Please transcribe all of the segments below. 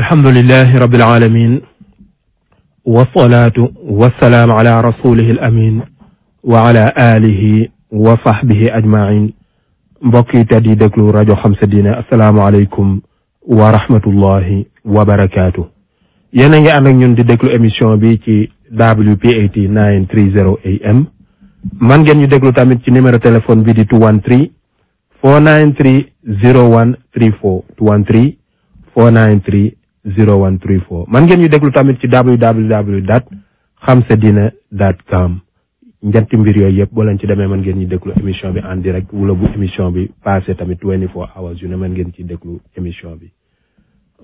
alhamdulilahi rabil aalamiin wasalaatu wasalaam ala rasulihi al amiin wa ala alihi wa sahbihi ajmain mbokk yi tedd yi déglu rajo xam sa diine asalaamualeykum wa rahmatullahi wa barakaatu. yéen a ngi ànd ak ñun di déglu émission bi ci WPAT 930 AM man ngeen ñu déglu tamit ci numéro téléphone bi di 213 493 0134 213 493 zero one three four man ngeen ñu déglu tamit ci www dot xam sa diine dot com ñetti mbir yooyu yëpp boo leen ci demee man ngeen ñu déglu émission bi en direct wala bu émission bi passé tamit twenty four hours yu ne mën ngeen ci déglu émission bi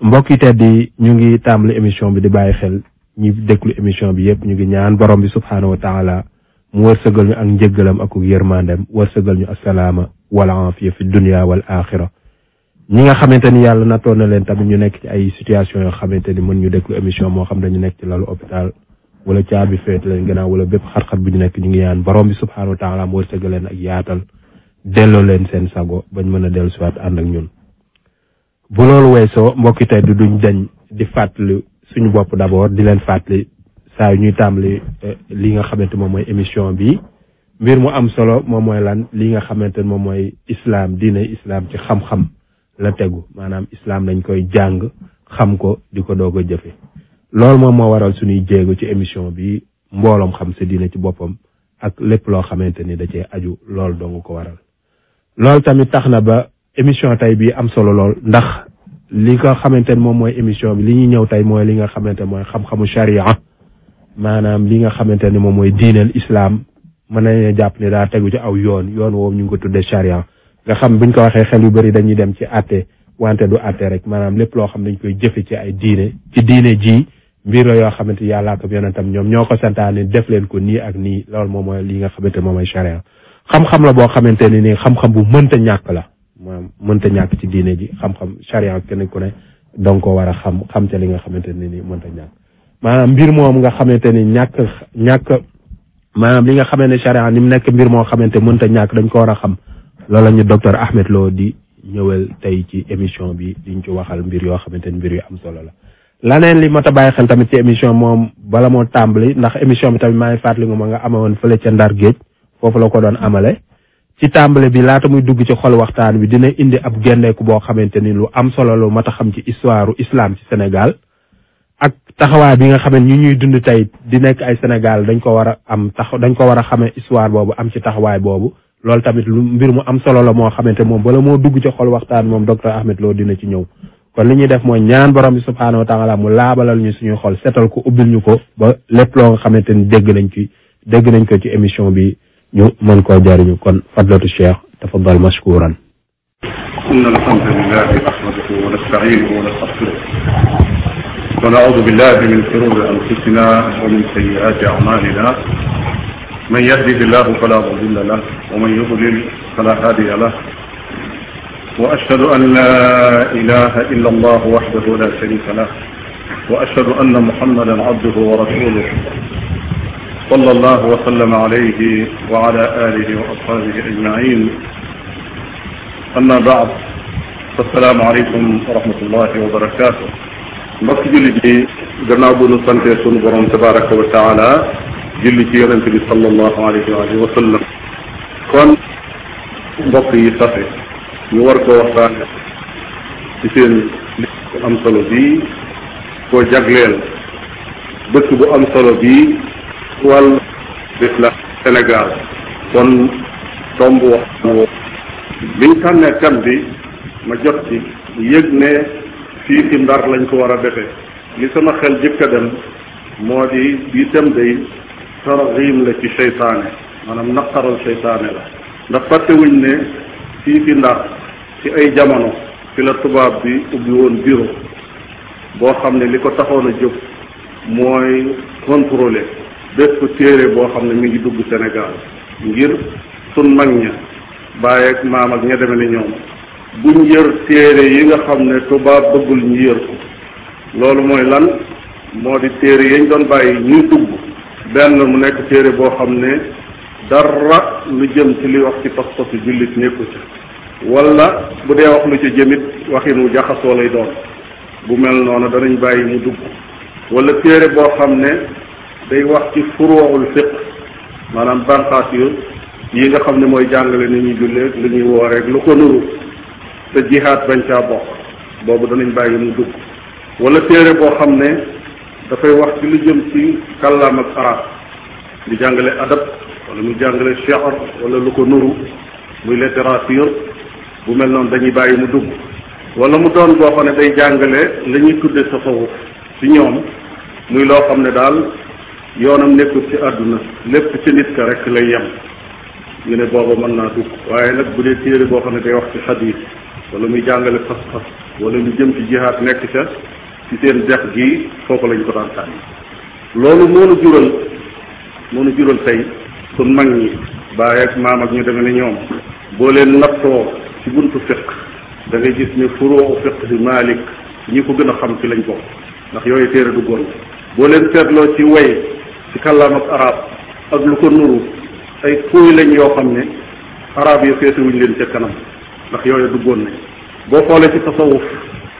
mbokk yi tedd yi ñu ngi tàmbali émission bi di bàyyi xel ñi déglu émission bi yëpp ñu ngi ñaan borom bi subhaanahu wa taala mu wërsëgal ñu ak njëggalam ak yërmandem wërsëgal ñu asalaama wala afiya fi dunia wala axira ñi nga xamante ni yàlla nattoon na leen tamit ñu nekk ci ay situation yoo xamante ni mën ñu déglu émission moo xam dañu nekk ci lalu hôpital wala caabi feet leen gannaaw wala bépp xat-xat bu ñu nekk ñu ngi yaan borom bi subhanahu wa taala mu wërsëgal leen ak yaatal delloo leen seen sago bañ mën a dellu siwaat ànd ak ñun bu loolu weesoo mbokki tey du duñ dañ di fàttali suñu bopp d'abord di leen fàttali saa yu ñuy tàmbali eh, li nga xamante moom mooy émission bi mbir mu am solo moom mooy lan li nga xamante moom mooy islam diine islam ci xam la tegu maanaam islaam lañ koy jàng xam ko di ko doog a jëfe loolu moom moo waral suñuy jéego ci émission bi mbooloom xam sa diine ci boppam ak lépp loo xamante ni da cee aju loolu dong ko waral loolu tamit tax na ba émission tey bii am solo lool ndax li nga xamante ni moom mooy émission bi li ñuy ñëw tey mooy li nga xamante mooy xam-xamu sharia maanaam li nga xamante ni moom mooy diineel islaam mën nañu jàpp ne daa tegu ci aw yoon yoon woowu ñu ngi ko tuddee sharia nga xam buñ ko waxee xel yu bëri dañuy dem ci àtte wante du àtte rek maanaam lépp loo xam dañ koy jëfe ci ay diine ci diine ji mbir la yoo xamante yàllaa ko yonentam ñoom ñoo ko santaane def leen ko nii ak nii loolu moom mooy li nga xamante moom mooy charia xam-xam la boo xamante ne nii xam bu mënta ñàkk la maanaam mënta ñàkk ci diine ji xam-xam charia kenn ku ne danga ko war a xam xam ca li nga xamante ne nii mënta ñàkk maanaam mbir moom nga xamante ni ñàkk ñàkk maanaam li nga xamante ne charia mu nekk mbir moo xamante mënta ñàkk dañ ko war a xam loolu la ñu docteur Ahmed loo di ñëwal tey ci émission bi diñ ci waxal mbir yoo xamante ni mbir yu am solo la laneen li mot a bàyyi xel tamit ci émission moom bala moo tàmbali ndax émission bi tamit maa ngi fàttali nga ma nga amoon fële ca Ndar Géej foofu la ko doon amale ci tàmbale bi laata muy dugg ci xol waxtaan bi dina indi ab gendeeku boo xamante ni lu am solo lu mat a xam ci histoire islam ci Sénégal ak taxawaay bi nga xam ne ñu ñuy dund tey di nekk ay Sénégal dañ ko war am tax dañ ko war a xamee histoire boobu am ci taxawaay boobu loolu tamit lu mbir mu am solo la moo xamante moom bala moo dugg ci xol waxtaan moom docteur Ahmed Lo dina ci ñëw kon li ñuy def mooy ñaan borom bi subhaanahu wa taala mu laabalal ñu suñuy xol setal ko ubbil ñu ko ba lépp loo nga xamante ni dégg nañ ci dégg nañ ko ci émission bi ñu mën koo jariñu kon fadlatu cheikh tafaddal mashkuran إن الحمد لله نحمده ونستعينه ونستغفره ونعوذ بالله من شرور أنفسنا ومن سيئات أعمالنا من يهده الله فلا مضل له ومن يضلل فلا هادي له وأشهد أن لا إله إلا الله وحده لا شريك له وأشهد أن محمدا عبده ورسوله صلى الله وسلم عليه وعلى آله وأصحابه أجمعين أما بعد السلام عليكم ورحمة الله وبركاته mbokk jullit yi gannaaw bu nu santee sunu borom tabaraka wa taala julli ci yonente bi sallallahu alayhi wa alihi wa sallam kon mbokk yi sase ñu war ko waxtaane ci seen am solo bii koo jagleel dëkk bu am solo bii wàll la Sénégal kon tomb waxtaan woo biñ tànnee kan bi ma jot ci yëg ne fii ci ndar lañ ko war a defee li sama xel jëkk a dem moo di itam day targhib la ci seytaane maanaam naqaral seytaane la ndax fàttewuñ ne fii fi ndax ci ay jamono fi la tubaab bi ubbi woon bureau boo xam ne li ko taxoon a jóg mooy contrôler bépp téere boo xam ne mi ngi dugg senegaal ngir sun mag ña bàyyi ak maam ak ña deme ne ñoom buñ yër téere yi nga xam ne tubaab bëggul ñu yër ko loolu mooy lan moo di téere yañ doon bàyyi ñuy dugg benn mu nekk téere boo xam ne dara lu jëm ci li wax ci pas-pasu jullit nekku ci wala bu dee wax lu ci jëmit waxin mu jaxasoo lay doon bu mel noonu danañ bàyyi mu dugg wala téere boo xam ne day wax ci furuwul fiq maanaam banqaas yu yi nga xam ne mooy jàngale ni ñuy jullee lu ñuy wooreeg lu ko nuru te jihaat bañ caa bokk boobu danañ bàyyi mu dugg wala téere boo xam ne dafay wax ci lu jëm ci kàllaam ak arab di jàngale adab wala muy jàngale shi'r wala lu ko nuru muy littérature bu mel noonu dañuy bàyyi mu dugg wala mu doon boo xam ne day jàngale lañuy ñuy tudde tasawuf ci ñoom muy loo xam ne daal yoonam nekkul ci àdduna lépp ci nit ka rek lay yem ñu ne booba mën naa dugg waaye nag bu dee téere boo xam ne day wax ci xadiis wala muy jàngale fas-fas wala lu jëm ci jihaad nekk ca ci seen dex gi foofu lañu ko daan sànni loolu moo nu jural moo tey sun mag ñi bàyyi ak maam ak ñu demee ni ñoom boo leen nattoo ci buntu fiq dangay ngay gis ne furoo fiq di Maalik ñi ko gën a xam ci lañ bokk ndax yooyu téere du gon boo leen seetloo ci way ci kàllaam ak ak lu ko nuru ay kuuy lañ yoo xam ne arab yi féetewuñ leen ca kanam ndax yooyu du gon nañ boo xoolee ci tasawuf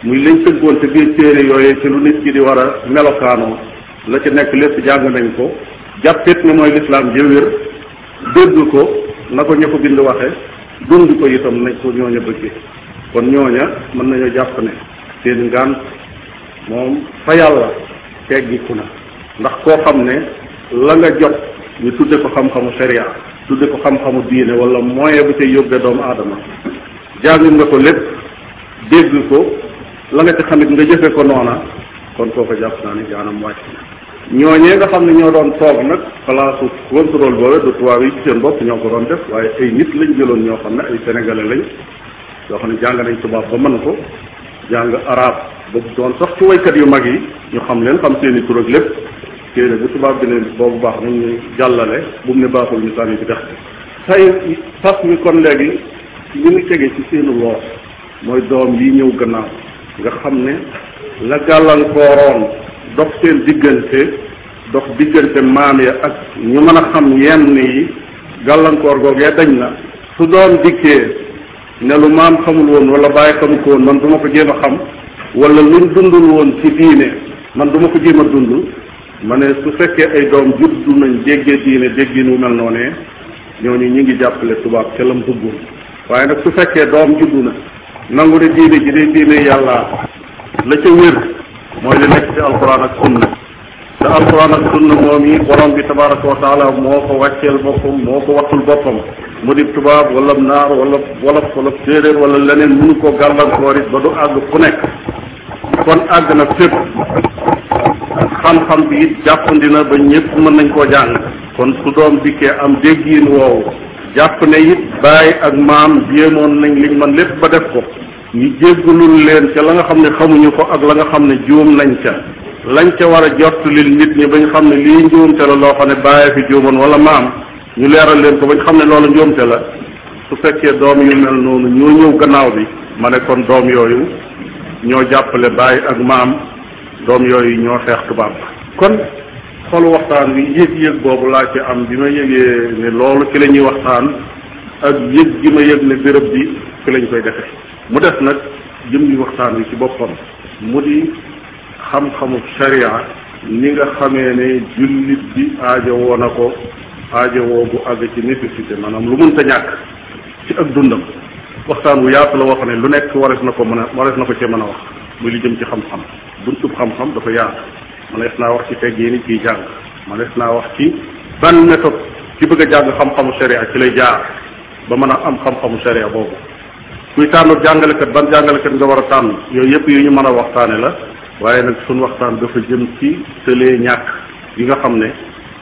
muy lañ tënkoon te biir téere yooyee ci lu nit ki di war a melokaanoo la ci nekk lépp jàng nañ ko jàppit ne mooy lislaam jëwér dégg ko na ko ña bind waxe dund ko itam nañ ko ñooña bëgge kon ñooña mën nañoo jàpp ne seen ngànt moom fa yàlla teggiku na ndax koo xam ne la nga jot ñu tudde ko xam-xamu sharia tudde ko xam-xamu diine wala moyen bu cay yóbbee doomu aadama jàng nga ko lépp dégg ko la nga ci xamit nga jëfe ko noona kon kooku jàpp naa ne jaanam wàcc na ñooñee nga xam ne ñoo doon toog nag place contrôle boobu du tubaab yi ci seen bopp ñoo ko doon def waaye ay nit lañ jëloon ñoo xam ne ay sénégalais lañ yoo xam ne jàng nañ tubaab ba mën ko jàng arab ba doon sax ci waykat yu mag yi ñu xam leen xam seen i tur ak lépp téere bu tubaab bi ne boobu baax nañ ñu jàllale bu mu ne baaxul ñu sànni ci dex tay tas mi kon léegi li mu tege ci seeni loos mooy doom yi ñëw gannaaw nga xam ne la gàllankooroon dox seen diggante dox diggante maam ya ak ñu mën a xam yenn yi gàllankoor googee dañ na su doon dikkee ne lu maam xamul woon wala bàyyi xamu ko man du ma ko jéem a xam wala luñ dundul woon ci diine man du ma ko jéem a dund ma ne su fekkee ay doom juddu nañ déggee diine déggin wu mel noonee ñooñu ñu ngi jàppale tubaab ca lam bëggoon waaye nag su fekkee doom juddu na nangu ne diine ji day diine yàlla la ca wér mooy li nekk ci alquran ak sunna te alquran ak sunna moom yi borom bi tabaraka wa taala moo ko wàcceel boppam moo ko wattul boppam mu dib tubaab wala naar wala wolof wala séeréer wala leneen mënu ko gàllankoor it ba du àgg ku nekk kon àgg na fépp xam-xam bi it jàppandi na ba ñëpp mën nañ koo jàng kon su doom dikkee am déggiin woowu jàpp ne it baay ak maam jéemoon nañ liñ man lépp ba def ko ñu jéggalul leen ca la nga xam ne xamuñu ko ak la nga xam ne juum nañ ca lañ ca war a jot lil nit ñi bañ xam ne lii njuumte la loo xam ne baay fi jóomoon wala maam ñu leeral leen ko bañ xam ne loolu njuumte la su fekkee doom yu mel noonu ñoo ñëw gannaaw bi ma ne kon doom yooyu ñoo jàppale baay ak maam doom yooyu ñoo xeex tubaab kon xolu waxtaan wi yëg-yëg boobu laa ci am bi ma yéegee ne loolu ci la ñuy waxtaan ak yëg gi ma yëg ne béréb bi ci lañ koy defe mu def nag jëmmi waxtaan wi ci boppam mu di xam-xamu sharia ni nga xamee ne jullit bi aajowoo na ko aajowoo bu àgg ci nécessité maanaam lu mënta ñàkk ci ak dundam waxtaan wu yaatu la wax ne lu nekk warees na ko mën a na ko cee mën a wax muy li jëm ci xam-xam buntub xam-xam dafa yaatu mënees naa wax ci teggin ciy jàng mënees naa wax ci ban méthode ci bëgg a jàng xam-xamu sharia ci lay jaar ba mën a am xam-xamu sharia boobu kuy tànnu jàngalekat ban jàngalekat nga war a tànn yooyu yëpp yu ñu mën a waxtaane la waaye nag suñ waxtaan dafa jëm ci tëlee ñàkk yi nga xam ne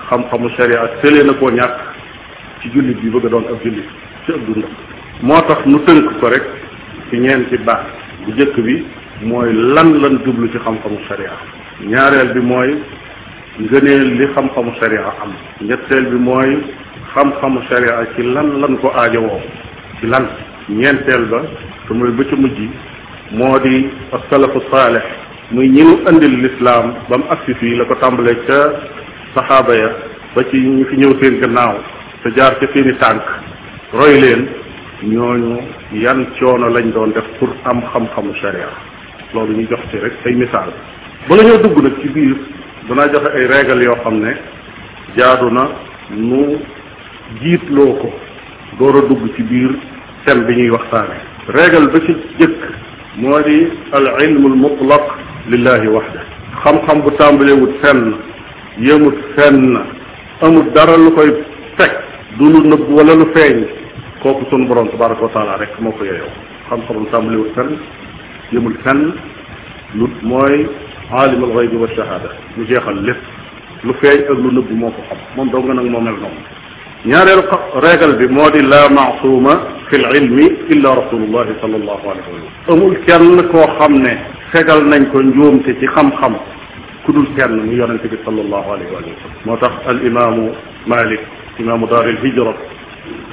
xam-xamu sharia tëlee na koo ñàkk ci jullit bi bëgg a doon ab jullit ci ab dundam moo tax nu tënk ko rek ci ñeenti baax bu jëkk bi mooy lan lan jublu ci xam-xamu ñaareel bi mooy ngëneel li xam-xamu sharia am ñetteel bi mooy xam-xamu sharia ci lan lan ko aajowoo ci lan ñeenteel ba te muy ba ci mujj moo di asalafu saalix muy ñi mu andil lislaam ba mu agsi fii la ko tàmbalee ca saxaaba ya ba ci ñu fi ñëw seen gannaaw te jaar ca seeni tànk roy leen ñooñu yan coono lañ doon def pour am xam-xamu sharia loolu ñu jox ci rek ay misaal bala ñoo dugg nag ci biir danaa joxe ay règle yoo xam ne jaadu na nu jiitloo ko door dugg ci biir thème bi ñuy waxtaane règle ba ci jëkk moo di al ilmu al mutlaq lillahi waxda xam-xam bu tàmbalewut fenn yëmut fenn amut dara lu koy fekk du lu nëbb wala lu feeñ kooku sunu borom tabaraka wa taala rek moo ko yeyoo xam-xam bu tàmbalewut fenn yëmul fenn lu mooy aalimul xaybi wa shahaada mu jeexal lépp lu feeñ ak lu nëbb moo ko xam moom dong nag moo mel noonu ñaareelu régal bi moo di la maasuma fi l ilmi illa rasulullahi sallallahu alayhi wa sallam amul kenn koo xam ne fegal nañ ko njuumte ci xam-xam ku dul kenn mu yonente bi sallallahu alayhi wa sallam moo tax al imaamu malik imaamu daar il hijra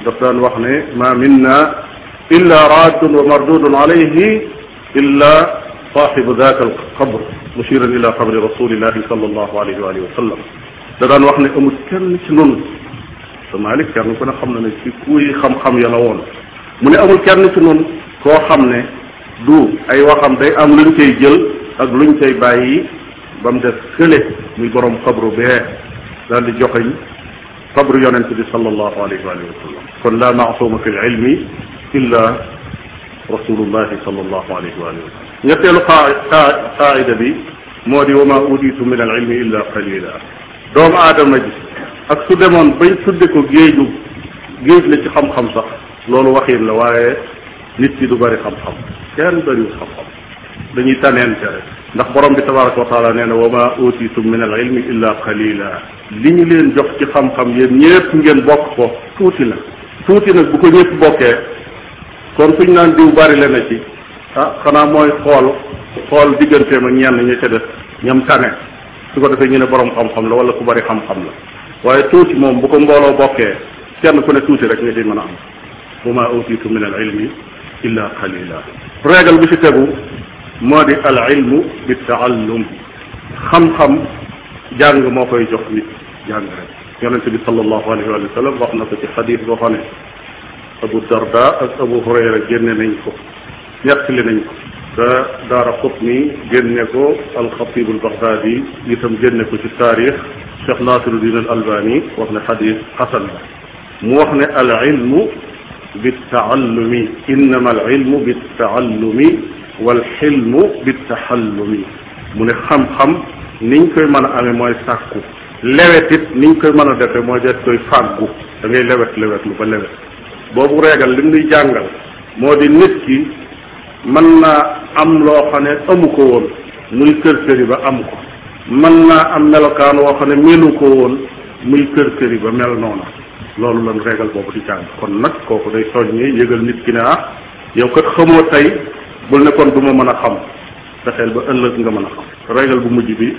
daf daan wax ne ma minna illa raddun wa mardudun alayhi illa saaxibu daaka al qabr mushiran ila xabri rasulillahi sallallahu alayhi wa alihi wa sallam da daan wax ne amul kenn ci noonu te Malick kenn ku ne xam na ne ci kuy xam-xam ya la woon mu ne amul kenn ci noonu koo xam ne du ay waxam day am luñ cay jël ak luñ cay bàyyi ba mu des kële muy borom xabru bee daal di joxeñ xabru yonente bi sallallahu alayhi wa sallam kon la maasuma fi l ilmi illa rasulullahi sallallahu alayhi wa sallam ñetteelu xaa xaayida bi moo di wa ma uditu min al ilmi illa qalila doomu aadama ji ak su demoon bay tudde ko géeju géej la ci xam-xam sax loolu waxin la waaye nit ki du bari xam-xam kenn bariwul xam-xam dañuy taneente rek ndax borom bi tabaraka wa taala nee na wa ma utitum min al illa qalila li ñu leen jox ci xam-xam yéen ñépp ngeen bokk ko tuuti na tuuti nag bu ko ñépp bokkee kon suñ naan diw bari la na ci ah xanaa mooy xool xool digganteem ak ñenn ña ca des ñam tane su ko defee ñu ne borom xam-xam la wala ku bari xam-xam la waaye tuuti moom bu ko mbooloo bokkee kenn ku ne tuuti rek nga ciy mën a am wa ma utitu min al ilmi illa qalila régal bi ci tegu moo di al ilmu bi taallum xam-xam jàng moo koy jox nit jàng rek yonente bi sallallahu alayhi wa sallam wax na ko ci xadis boo xam ne Abu Darda ak Abu Hurayra génne nañ ko yàqli nañ ko te daara xutni génne ko alxatibul baxdaadi itam génne ko ci taarix cheikh nasiruddin al albani wax ne xadis xasan la mu wax ne al ilmu bittaallumi innama al ilmu bittaallumi wal xilmu bittaxallumi mu ne xam-xam niñ koy mën a amee mooy sàkku lewet it niñ koy mën a defee mooy deet koy fàggu da ngay lewet lewet lu ba lewet boobu reegal li muy jàngal moo di nit ki mën naa am loo xam ne amu ko woon muy kër këri ba am ko mën naa am melokaan woo xam ne melu ko woon muy kër këri ba mel noona loolu lan régal boobu di jàng kon nag kooku day soññee yëgal nit ki ne ah yow kat xamoo tey bul ne kon du ma mën a xam fexeel ba ëllëg nga mën a xam régal bu mujj bi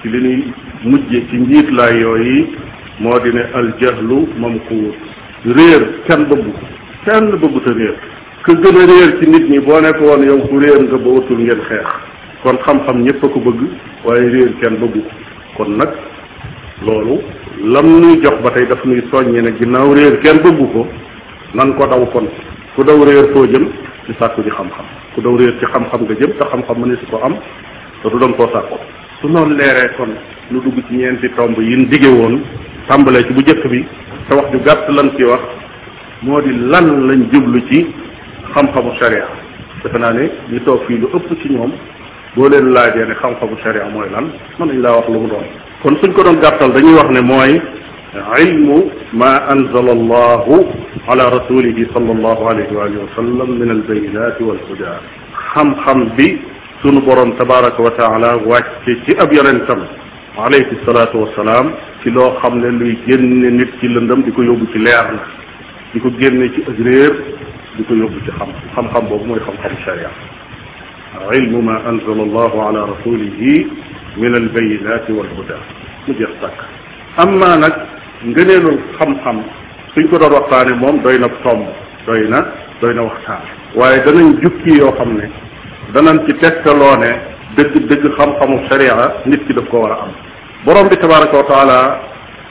ci li ñuy mujje ci njiit laay yooyu moo di ne aljahlu mamkuur réer kenn bëggu kenn bëggu te réer ka gën a réer ci nit ñi boo nekk woon yow ku réer nga ba watul ngeen xeex kon xam-xam ñëpp a ko bëgg waaye réer kenn bëggu ko kon nag loolu lam nuy jox ba tey dafa nuy soññi ne ginnaaw réer kenn bëggu ko nan ko daw kon ku daw réer koo jëm ci sàkku ji xam-xam ku daw réer ci xam-xam nga jëm te xam-xam mu ne su ko am te du doon koo sàkku su noonu leeree kon lu dugg ci ñeenti tomb yi ñu dige woon tàmbalee ci bu njëkk bi te wax ju gàtt lañ ci wax moo di lan lañ jublu ci xam-xamu sharia defe naa ne ñu toog fii lu ëpp ci ñoom boo leen laajee ne xam-xamu sharia mooy lan mën nañ laa wax lu mu doon kon suñ ko doon gàttal dañuy wax ne mooy ilmu ma anzala allahu ala rasulihi sallallahu alayhi wa alihi wa sallam min albayinati walhuda xam-xam bi sunu borom tabaraka wa taala wàcce ci ab yonentam alayhi salaatu wasalaam ci loo xam ne luy génne nit ci lëndëm di ko yóbbu ci leer la di ko génne ci ak réer di ko yóbbu ci xam xam-xam boobu mooy xam-xamu sharia ilmu ma anzala allahu ala rasulihi min albayinati walhuda mu jeex tàkk amma nag ngëneelul xam-xam suñ ko doon waxtaane moom doy na tomb doy na doy na waxtaan waaye danañ jukki yoo xam ne danañ ci tegtaloo ne dëgg dëgg xam-xamu sharia nit ki daf ko war a am borom bi tabaraka wa taala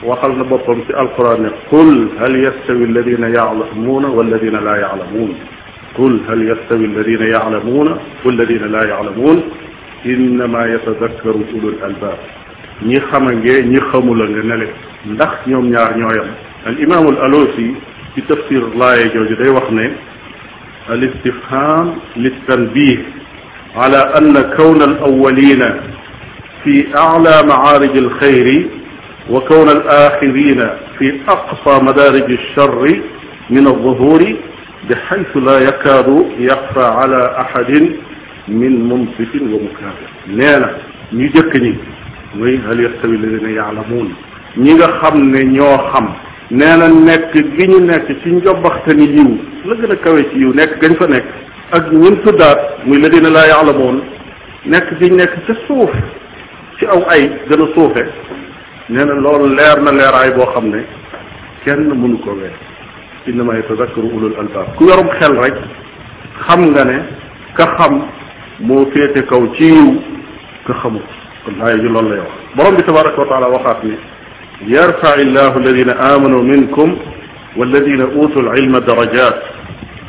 waxal na boppam ci alquran ne qul hal yastawi alladina yalamuuna walladina laa yalamuun qul hal yastawi alladina yalamuuna walladina laa yalamuun innama yatadakkaru ulul albab ñi xamangee ñi xamula nga ne leen ndax ñoom ñaar ñooyam al imaamul alosi ci tafsir laaye jooju day wax ne al istifham litanbih ala anna kawna al awalina fi ala maarij al xayri wa kawna al-aaxiriina fi aqsaa madaariji ash-sharri min az-zuhuuri bihaysu laa yakaadu yaxfaa ala ahadin min munsifin wa mukaabir nee na ñu jëkk ñi muy hal yastawi alladina yaalamuun ñi nga xam ne ñoo xam nee na nekk gi ñu nekk ci njobaxte ni yiw la gën a kawe ci yiw nekk gañ fa nekk ak ñun tuddaat muy ladina laa yaalamuun nekk gi ñu nekk ca suuf ci aw ay gën a suufe nee na loolu leer na leeraay boo xam ne kenn mënu ko weer innama yatadakkaru ulul albaab ku yorum xel rek xam nga ne ka xam moo féete kaw ci yiw ka xamul kon laaya ji loolu lay wax borom bi tabaraka wa taala waxaat ne yarfai illahu alladina amanu minkum walladina utu alilma darajat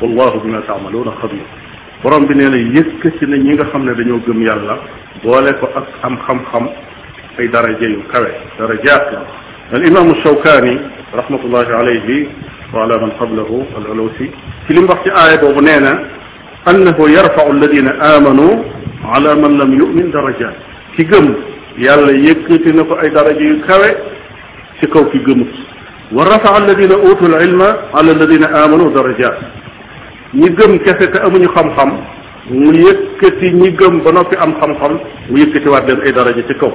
wallahu bima taamaluuna xabir borom bi nee na yëkkati na ñi nga xam ne dañoo gëm yàlla boole ko ak am xam-xam ay daraja yu kawe darajaat la al imaamu Shawkaani rahmatullahi alayhi wa ala man qablahu al alusi ci li mu wax ci aaya boobu nee na annahu yarfau alladina amanu ala man lam yumin darajaat ki gëm yàlla yëkkati na ko ay daraja yu kawe ci kaw ki gëmut wa rafaa alladina utul ilma ala alladina amanu darajaat ñi gëm kese te amuñu xam-xam mu yëkkati ñi gëm ba noppi am xam-xam mu yëkkatiwaat leen ay daraja ci kaw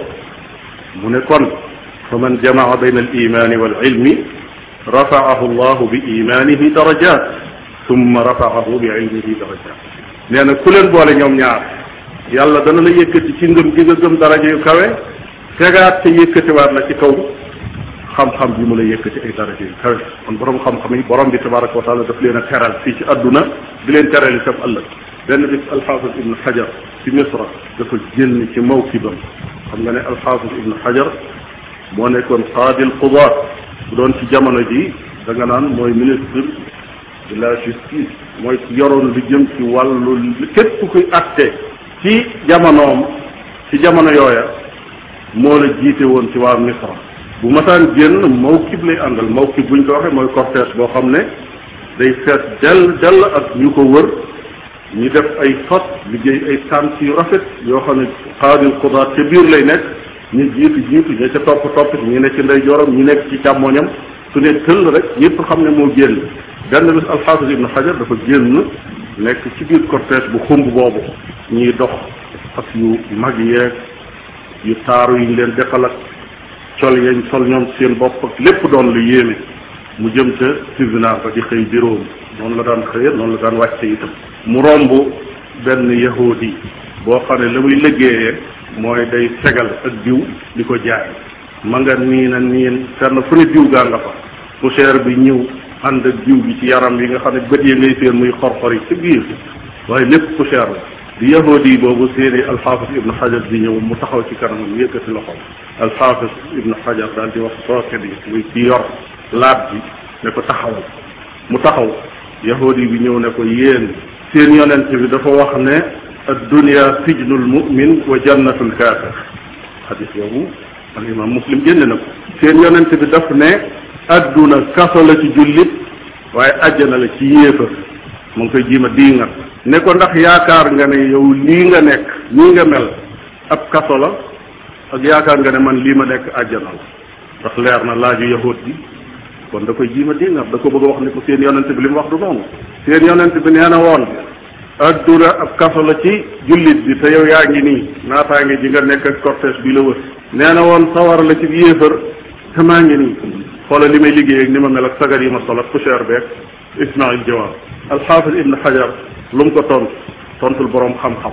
mu ne kon fa man jamaa bayna al imaani wal ilmi rafaahu llahu bi imaanihi darajat summa rafaahu bi ilmihi darajat nee na ku leen boole ñoom ñaar yàlla dana la yëkkati ci ngëm gi nga gëm daraja yu kawe tegaat te yëkkatiwaat la ci kaw xam-xam bi mu la yëkkati ay daraja yu kawe kon borom xam-xam yi borom bi tabaraka wa taala daf leen a teral fii ci adduna di leen teral itam ëllëg benn bis alxaafis ibnu xajar ci misra dafa génn ci mawkibam xam nga ne alxaafis ibnu xajar moo nekkoon qaadil qudaat bu doon ci jamono ji danga naan mooy ministre de la justice mooy ci lu jëm ci wàllu képp kuy atte ci jamonoom ci jamono yooya moo la jiite woon ci waa misra bu masaan génn mawkib lay àndal mawkib buñ ko waxee mooy cortège boo xam ne day fees dell dell ak ñu ko wër ñu def ay tot liggéey ay tànk yu rafet yoo xam ne xaadil xudaat ca biir lay nekk ñu jiitu jiitu ña ca topp topp ñu nekk ci ndeyjooram ñu nekk ci càmmoñam su ne tëll rek ñëpp xam ne moo génn benn bis alxaafis ibn xajar dafa génn nekk ci biir cortège bu xumb boobu ñuy dox ak yu mag yeeg yu taaru yi ñu leen defal ak col yañ sol ñoom seen bopp lépp doon lu yéeme mu jëm ca tribunal ba di xëy biroom noonu la daan xëyee noonu la daan wàcce mu romb benn yahudi boo xam ne la muy liggéeyee mooy day segal ak diw li ko jaay ma nga niin a niin fenn fu ne diw gaa nga fa poussière bi ñëw ànd ak diw bi ci yaram yi nga xam ne bët yi ngay seen muy xor-xor yi ci biir waaye lépp poussière la di yahudi boobu seeni alxaafis ibnu xajar di ñëw mu taxaw ci kanamam yëkkati loxo alxaafis ibnu xajar daal di wax sooket yi muy ci yor laab bi ne ko taxawal mu taxaw yahudi bi ñëw ne ko yéen seen yonent bi dafa wax ne addunia sijnul mumin wa jannatul kaafir xadis boobu muslim génne na ko seen yonent bi daf ne adduna kaso la ci jullit waaye àjjana la ci yéefar mu ngi koy jiima diingat ne ko ndax yaakaar nga ne yow lii nga nekk nii nga mel ab kaso la ak yaakaar nga ne man lii ma nekk àjjana la ndax leer na laaju yahut bi kon da koy jiima dingar da ko bëgg a wax ni ko seen yonente bi li mu wax du noonu seen yonente bi nee na woon adduna ab kaso la ci jullit bi te yow yaa ngi nii naataange ji nga nekk ak cortège bi la wër nee na woon sawar la ci yéefar te maa ngi nii xoola li may liggéey ak ni ma mel ak sagar yi ma sol ak poussière beeg ismail jawaab alxaafis ibn xajar lu mu ko tontu tontul boroom xam-xam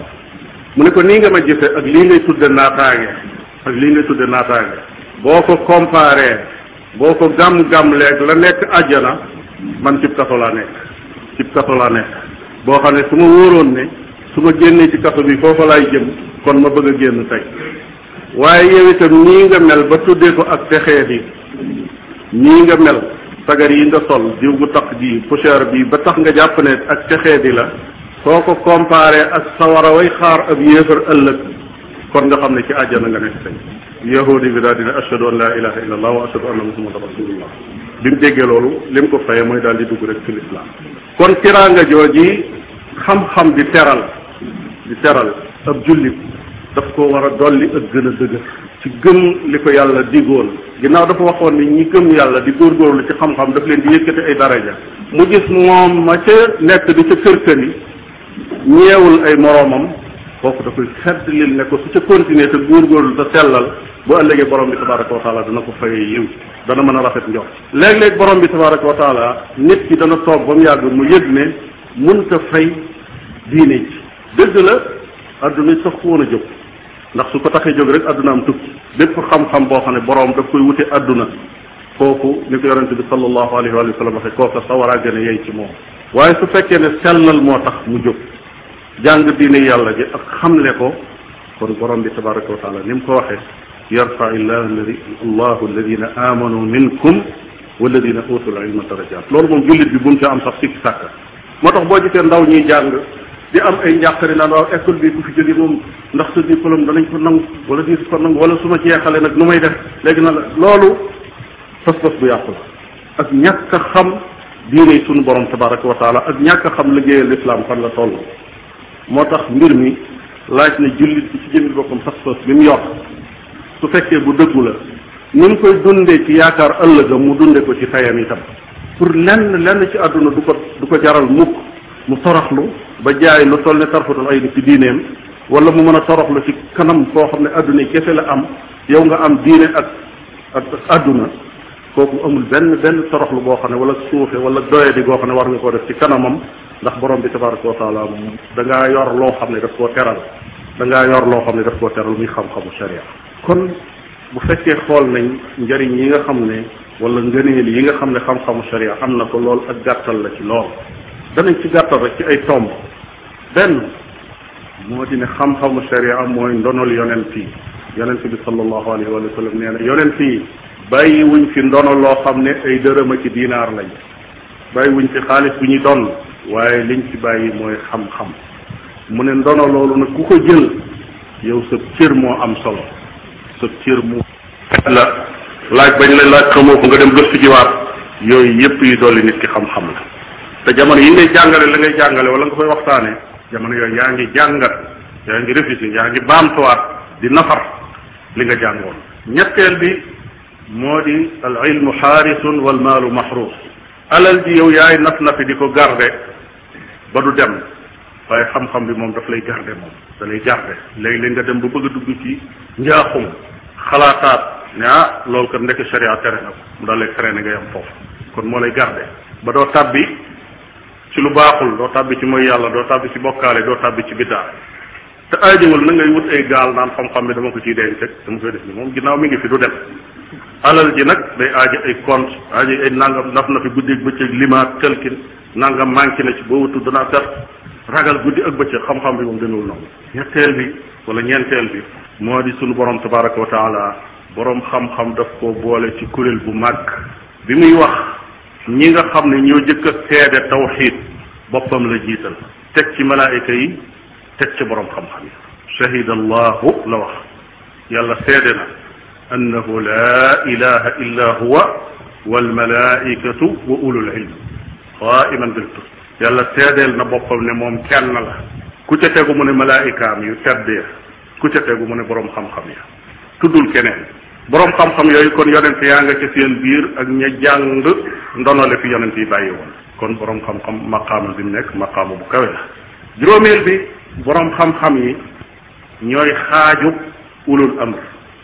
mu ne ko nii nga ma jëfe ak lii ngay tudde naataange ak lii ngay tudde naataange boo ko comparé boo ko gàmm-gàmm leeg la nekk àjjana man cib kaso laa nekk cib kaso laa nekk boo xam ne su ma wóoroon ne su ma génnee ci kaso bi foofa laay jëm kon ma bëgg a génn tey waaye yow itam nii nga mel ba tuddee ko ak texeet yi nii nga mel sagar yi nga sol diw gu taq ji poussière bi ba tax nga jàpp ne ak texeet yi la soo ko comparé ak sawara way xaar ab yéefar ëllëg kon nga xam ne ci àjjana nga nekk tey yahudi bi daal dina ashadu an laa ilaha illa allah wa ashadu anna muhammadan rasulullah bi mu déggee loolu li mu ko fayee mooy daal di dugg rek ci lislaam kon teraanga jooji xam-xam di teral di teral ab jullit daf ko war a dolli ak gën a dëgër ci gëm li ko yàlla digoon ginnaaw dafa waxoon ni ñi gëm yàlla di góorgóorlu ci xam-xam daf leen di yëkkati ay daraja mu gis moom ma ca nekk di ca kërkëni ñeewul ay moroomam kooku da koy fàttalil ne ko su ca continuer te góorgóorlu te sellal bu ëllëgee borom bi tabaraka wa taala dana ko fay yiw dana mën a rafet njort léeg-léeg borom bi tabaraka wa taala nit ki dana toog ba mu yàgg mu yëg ne mënta fay diine ji dëgg la adduna sax ko woon a jóg ndax su ko taxee jóg rek àdduna am tukki bépp xam-xam boo xam ne borom daf koy wute àdduna kooku ni ko yonente bi sallallahu alayhi wa sallam waxe kooka sa war a gën a yey ci moom waaye su fekkee ne sellal moo tax mu jóg jàng diine yàlla ji ak xamle ko kon borom bi tabaraka wa taala ni mu ko waxee yarfa illahu alladi allahu alladina amanu minkum walladina utul ilma darajat loolu moom jullit bi bu mu ci am sax sikki sàkka moo tax boo gisee ndaw ñuy jàng di am ay njàqari naan waaw école bi bu fi jógee moom ndax sa diplôme danañ ko nangu wala diis ko nangu wala su ma jeexalee nag nu may def léegi na la loolu pas-pas bu yàqu la ak ñàkk xam diine sunu borom tabaraka wa taala ak ñàkk xam liggéeyal lislaam fan la toll moo tax mbir mi laaj na jullit bi ci jëmmi boppam pas-pas bi mu yor su fekkee bu dëggu la ni mu koy dundee ci yaakaar ëllëgam mu dunde ko ci fayam tam pour lenn lenn ci àdduna du ko du ko jaral mukk mu toroxlu ba jaay lu toll ne tarfatul ay ni ci diineem wala mu mën a toroxlu ci kanam koo xam ne àdduna yi la am yow nga am diine ak ak àdduna kooku amul benn benn toroxlu boo xam ne wala suufe wala doye di goo xam ne war nga koo def ci kanamam ndax borom bi tabaraka wa taala moom da ngaa yor loo xam ne daf koo teral da ngaa yor loo xam ne daf koo teral muy xam-xamu sharia kon bu fekkee xool nañ njëriñ yi nga xam ne wala ngëneel yi nga xam ne xam-xamu sharia am na ko lool ak gàttal la ci lool danañ ci gàttal rek ci ay tomb benn moo di ne xam-xamu sharia mooy ndonol yonent yi yonent bi sallallahu alayhi wa sallam nee na fii yi bàyyiwuñ fi ndono loo xam ne ay dërëm a ci dinaar lañ bàyyi wuñ ci xaalis bi ñuy donn waaye liñ ci bàyyi mooy xam-xam mu ne ndono loolu nag ku ko jël yow sa cër moo am solo sa cër moo laaj bañ lay laaj xamoo ko nga dem gëstu jiwaat yooyu yépp yu dolli nit ki xam-xam la te jamono yi ngay jàngale la ngay jàngale wala nga koy waxtaane jamono yooyu yaa ngi jàngat yaa ngi réfléchir yaa ngi baamtuwaat di nafar li nga jàngoon ñetteel bi moo di al ilmu xaarisun wal maalu maxruus alal ji yow yaay naf nafi di ko garde ba du dem waaye xam-xam bi moom daf lay garde moom da lay garde nga dem ba bëgg dugg ci njaaxum xalaataat ne ah loolu kat ndekk sharia tere na ko mu daal lay freiné nga yam foofu kon moo lay garde ba doo tàbbi ci lu baaxul doo tàbbi ci mooy yàlla doo tàbbi ci bokkaale doo tàbbi ci biddaa te aajowul na ngay wut ay gaal naan xam-xam bi dama ko ciy denc rek koy def ni moom ginaaw mi ngi fi du dem alal ji nag day aajo ay compte aajo ay nangam daf na fi guddi ak bëccëg limaat kalkin nangam manqué na ci boo wutul danaa perte ragal guddi ak bëccëg xam-xam bi moom demewul noonu ñetteel bi wala ñeenteel bi moo di sunu borom tabaraka wa taala borom xam-xam daf koo boole ci kuréel bu mag bi muy wax ñi nga xam ne ñoo jëkk a seede tawxiid boppam la jiital teg ci malaayika yi teg ci boroom xam-xam yi shahida allahu la wax yàlla seede na annahu la ilaha illa huwa walmalaikatu wa ulul ilm qaiman bil qist yàlla seedeel na boppam ne moom kenn la ku ca tegu mu ne malaikaam yu tedd ya ku ca tegu mu ne boroom xam-xam ya tuddul keneen boroom xam-xam yooyu kon yonent yaa nga ca seen biir ak ña jàng ndonole fi yonent yi bàyyi woon kon boroom xam-xam maqaama bi mu nekk maqaama bu kawe la juróomeel bi boroom xam-xam yi ñooy xaaju ulul amr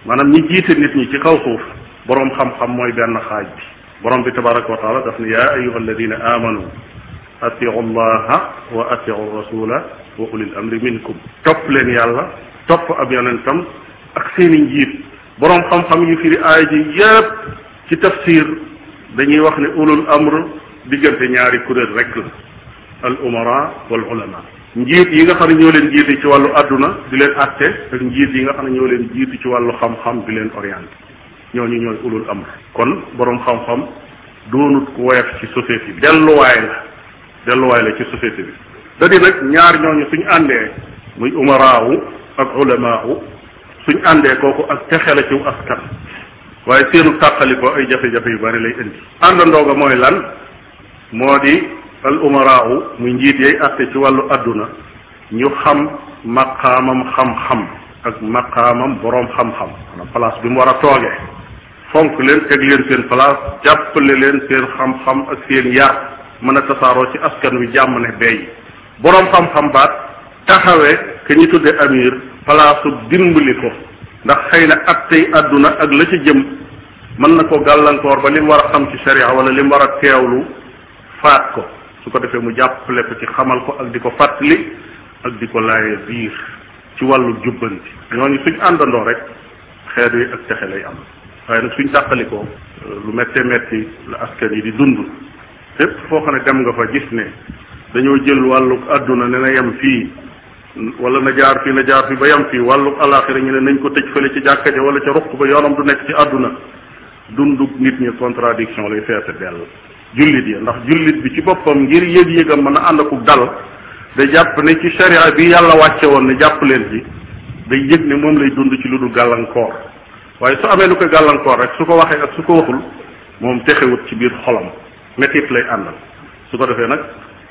maanaam ñi jiite nit ñi ci kaw suuf boroom xam-xam mooy benn xaaj bi borom bi tabaraka wa taala daf ne yaa ayuha alladina amanu atiu llaha wa atiu rasula wa ulil amri minkum topp leen yàlla topp ab yonentam ak seeni njiit boroom xam-xam yu firi aaya ji yépp ci tafsir dañuy wax ne ulul amr diggante ñaari kuréel rek la al umara wal ulama njiit yi nga xam ne ñoo leen jiite ci wàllu àdduna di leen atte ak njiit yi nga xam ne ñoo leen jiitu ci wàllu xam-xam di leen orienté ñooñu ñooy am amr kon boroom xam-xam doonut ku woyof ci société yi delluwaay la delluwaay la ci société bi da di nag ñaar ñooñu suñu àndee muy umaraawu ak ulamaawu suñu àndee kooku ak texe la ci askan waaye seenu tàqali ay jafe-jafe yu bari lay indi àndandoo ga mooy lan moo di al umaraahu muy njiit yay àtte ci wàllu àdduna ñu xam maqaamam xam-xam ak maqaamam boroom xam-xam maanaam bi mu war a toogee fonk leen teg leen seen place jàppale leen seen xam-xam ak seen yar mën a tasaaroo ci askan wi jàmm ne bey boroom xam-xam baat taxawee ke ñi tudde amir palaasu dimbali ko ndax xëy na at àdduna ak la ci jëm mën na ko gàllankoor ba li mu war a xam ci sharia wala li mu war a teewlu faat ko su ko defee mu jàppale ko ci xamal ko ak di ko fàttali ak di ko laaye biir ci wàllu jubbanti ñooñu suñ àndandoo rek xeet yi ak texe lay am waaye nag suñ tàqalikoo lu méttee métti la askan yi di dund lépp foo xam ne dem nga fa gis ne dañoo jël wàllu àdduna ne na yem fii wala na jaar fii na jaar fii ba yam fii wàllu alaxira ñu ne nañ ko tëj fële ci jàkka ja wala ca ruq ba yoonam du nekk ci àdduna dundug nit ñi contradiction lay feete dell jullit ya ndax jullit bi ci boppam ngir yëg-yëgam mën a ànd ak dal da jàpp ne ci sharia bi yàlla wàcce woon ne jàpp leen bi day yëg ne moom lay dund ci lu du gàllankoor waaye su amee lu ko gàllankoor rek su ko waxee ak su ko waxul moom texewut ci biir xolam métit lay àndal su ko defee nag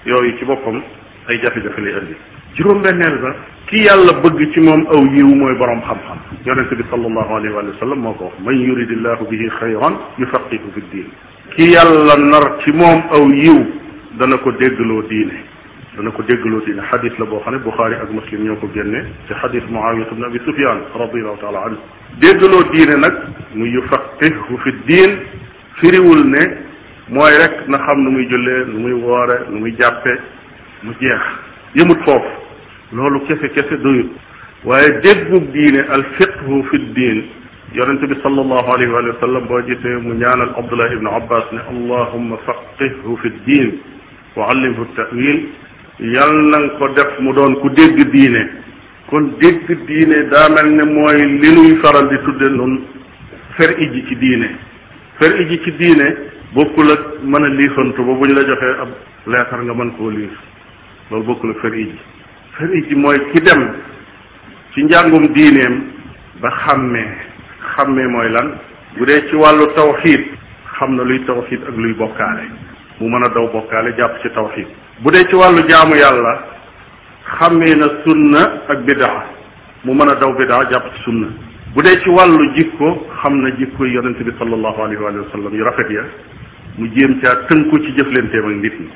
yooyu ci boppam ay jafe-jafe lay indi juróom-benneel ba ki yàlla bëgg ci moom aw yiw mooy borom xam-xam yonente bi sallallahu alayhi wa sallam moo ko wax man yuridillahu bihi xayran yufaqihu fi ddin ki yàlla nar ci moom aw yiw dana ko déggloo diine dana ko déggloo diine xadis la boo xam ne Buxaari ak Muslim ñoo ko génne ci xadis Muawiya ibn Abi Sufyan radiallahu taala anhu déggloo diine nag mu yufaqihu fi diin firiwul ne mooy rek na xam nu muy jullee nu muy woore nu muy jàppe mu jeex yëmut foofu loolu kese kese doyut waaye déggub diine al fiqhu fi diin yonente bi sallallahu alayhi wa sallam boo gisee mu ñaanal abdullah ibn abbas ne allahumma faqihhu fi ddin wa allimhu tawil yal na nga ko def mu doon ku dégg diine kon dégg diine daa mel ne mooy li nuy faral di tudde nun fer iji ci diine fer iji ci diine bokkul ak mën a liifantu ba bu ñu la joxee ab leetar nga mën koo liif loolu bokkul ak fer iji fer iji mooy ki dem ci njàngum diineem ba xàmmee xàmmee mooy lan bu dee ci wàllu tawxiid xam na luy tawxiid ak luy bokkaale mu mën a daw bokkaale jàpp ci tawxiid bu dee ci wàllu jaamu yàlla xàmmee na sunna ak bidaa mu mën a daw bidaa jàpp ci sunna bu dee ci wàllu jikko xam na jikko yonent bi sallallahu alayhi wa sallam yu rafet ya mu jéem caa tënku ci jëflanteem ak nit ñi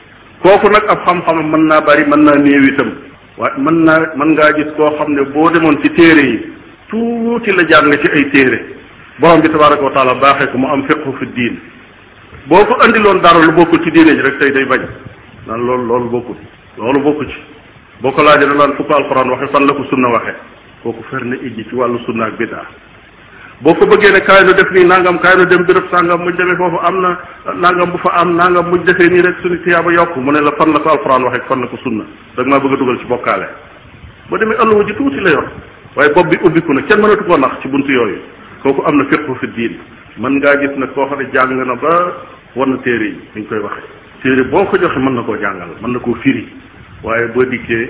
kooku nag ab xam-xamam mën naa bari mën naa néew itam waaye mën naa mën ngaa gis koo xam ne boo demoon ci téere yi tuuti la jàng ci ay téere borom bi tabaraka wa taala baaxee ko mu am fiqhu fi diin boo ko andiloon dara lu bokkul ci diine ji rek tey day bañ naan lool loolu bokkul loolu bokku ci boo ko laajee naan fu ko waxee fan la ko sunna waxee kooku fer na ijji ci wàllu sunna ak bidaa boo ko bëggee ne kaay nu def nangam kaay nu dem béréb sangam muñ demee foofu am na nangam bu am nangam muñ defee nii rek suñu tiyaaba yokk mu ne la fan la ko alxuraan waxee fan la ko sunna dag maa bëgg a dugal ci bokkaale boo demee alluwa ji tuuti la yor waaye bopp bi ubbiku na kenn mënatu koo nax ci bunt yooyu kooku am na fiqhu fi diin mën ngaa gis nag koo xam ne jàng na ba war na téere yi dañ koy waxe téere boo ko joxe mën na koo jàngal mën na koo firi waaye boo dikkee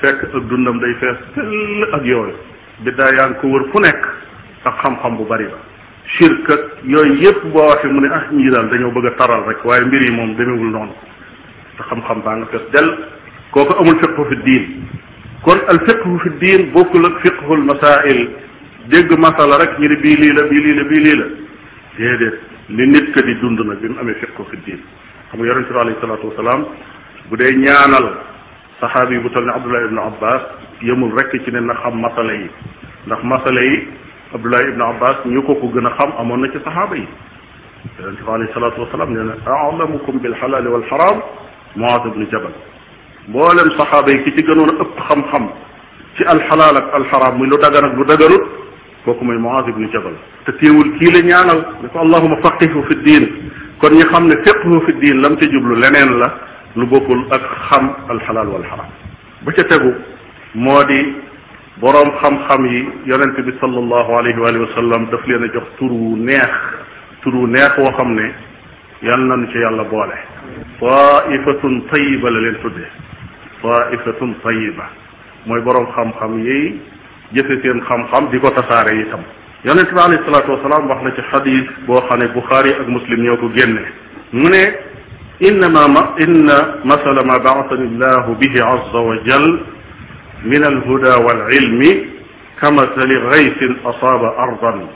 fekk day fees ak yooyu biddaa yaa ngi ko wër fu nekk ak xam bu bari la shirk ak yooyu yépp boo waxee mu ne ah ñii daal dañoo bëgg a taral rek waaye mbir yi moom demewul noonu te xam-xam baa nga fees dell kooku amul fiqhu fi diin kon al fiqhu fi diin bokkul ak fiqhul masail dégg masala rek ñu ne bii lii la bii lii la bii lii la déedéet li nit ka di dund nag bi mu amee fiqhu fi diin xam nga yonente bi alayhi salaatu wasalaam bu dee ñaanal saxaabi bu tal ne abdullah ibnu abbas yemul rek ci ne na xam masala yi ndax masala yi abdullah ibnu abbas ñu ko ko gën a xam amoon na ci saxaaba yi yonente bi alayhi salaatu wasalaam nee na alamukum bilxalaali walxaram moaz ibnu jabal mboolem saxaaba ki ci gënoon a ëpp xam-xam ci alxalaal ak alxaraam muy lu dagan ak lu daganut kooku mooy Muaz ibnu Jabal te téewul kii la ñaanal ne ko allahuma faqihu fi diin kon ñu xam ne fiqhu fi diin lam ci jublu leneen la lu bokkul ak xam alxalaal walxaraam ba ca tegu moo di boroom xam-xam yi yonent bi sallallahu alayhi wa sallam daf leen a jox tur wu neex tur wu neex woo xam ne yal nañu ci yàlla boole taifatun tayiba la leen tuddee taifatun tayiba mooy boroom xam-xam yi jëfe seen xam-xam di ko tasaare itam yonente bi alayhi salaatu wasalaam wax na ci xadis boo xam ne buxaari ak muslim ñoo ko génne mu ne innama ma inna masala ma baasani llahu bihi azza wa jal min alhuda walilmi kamasali gaysin asaaba ardan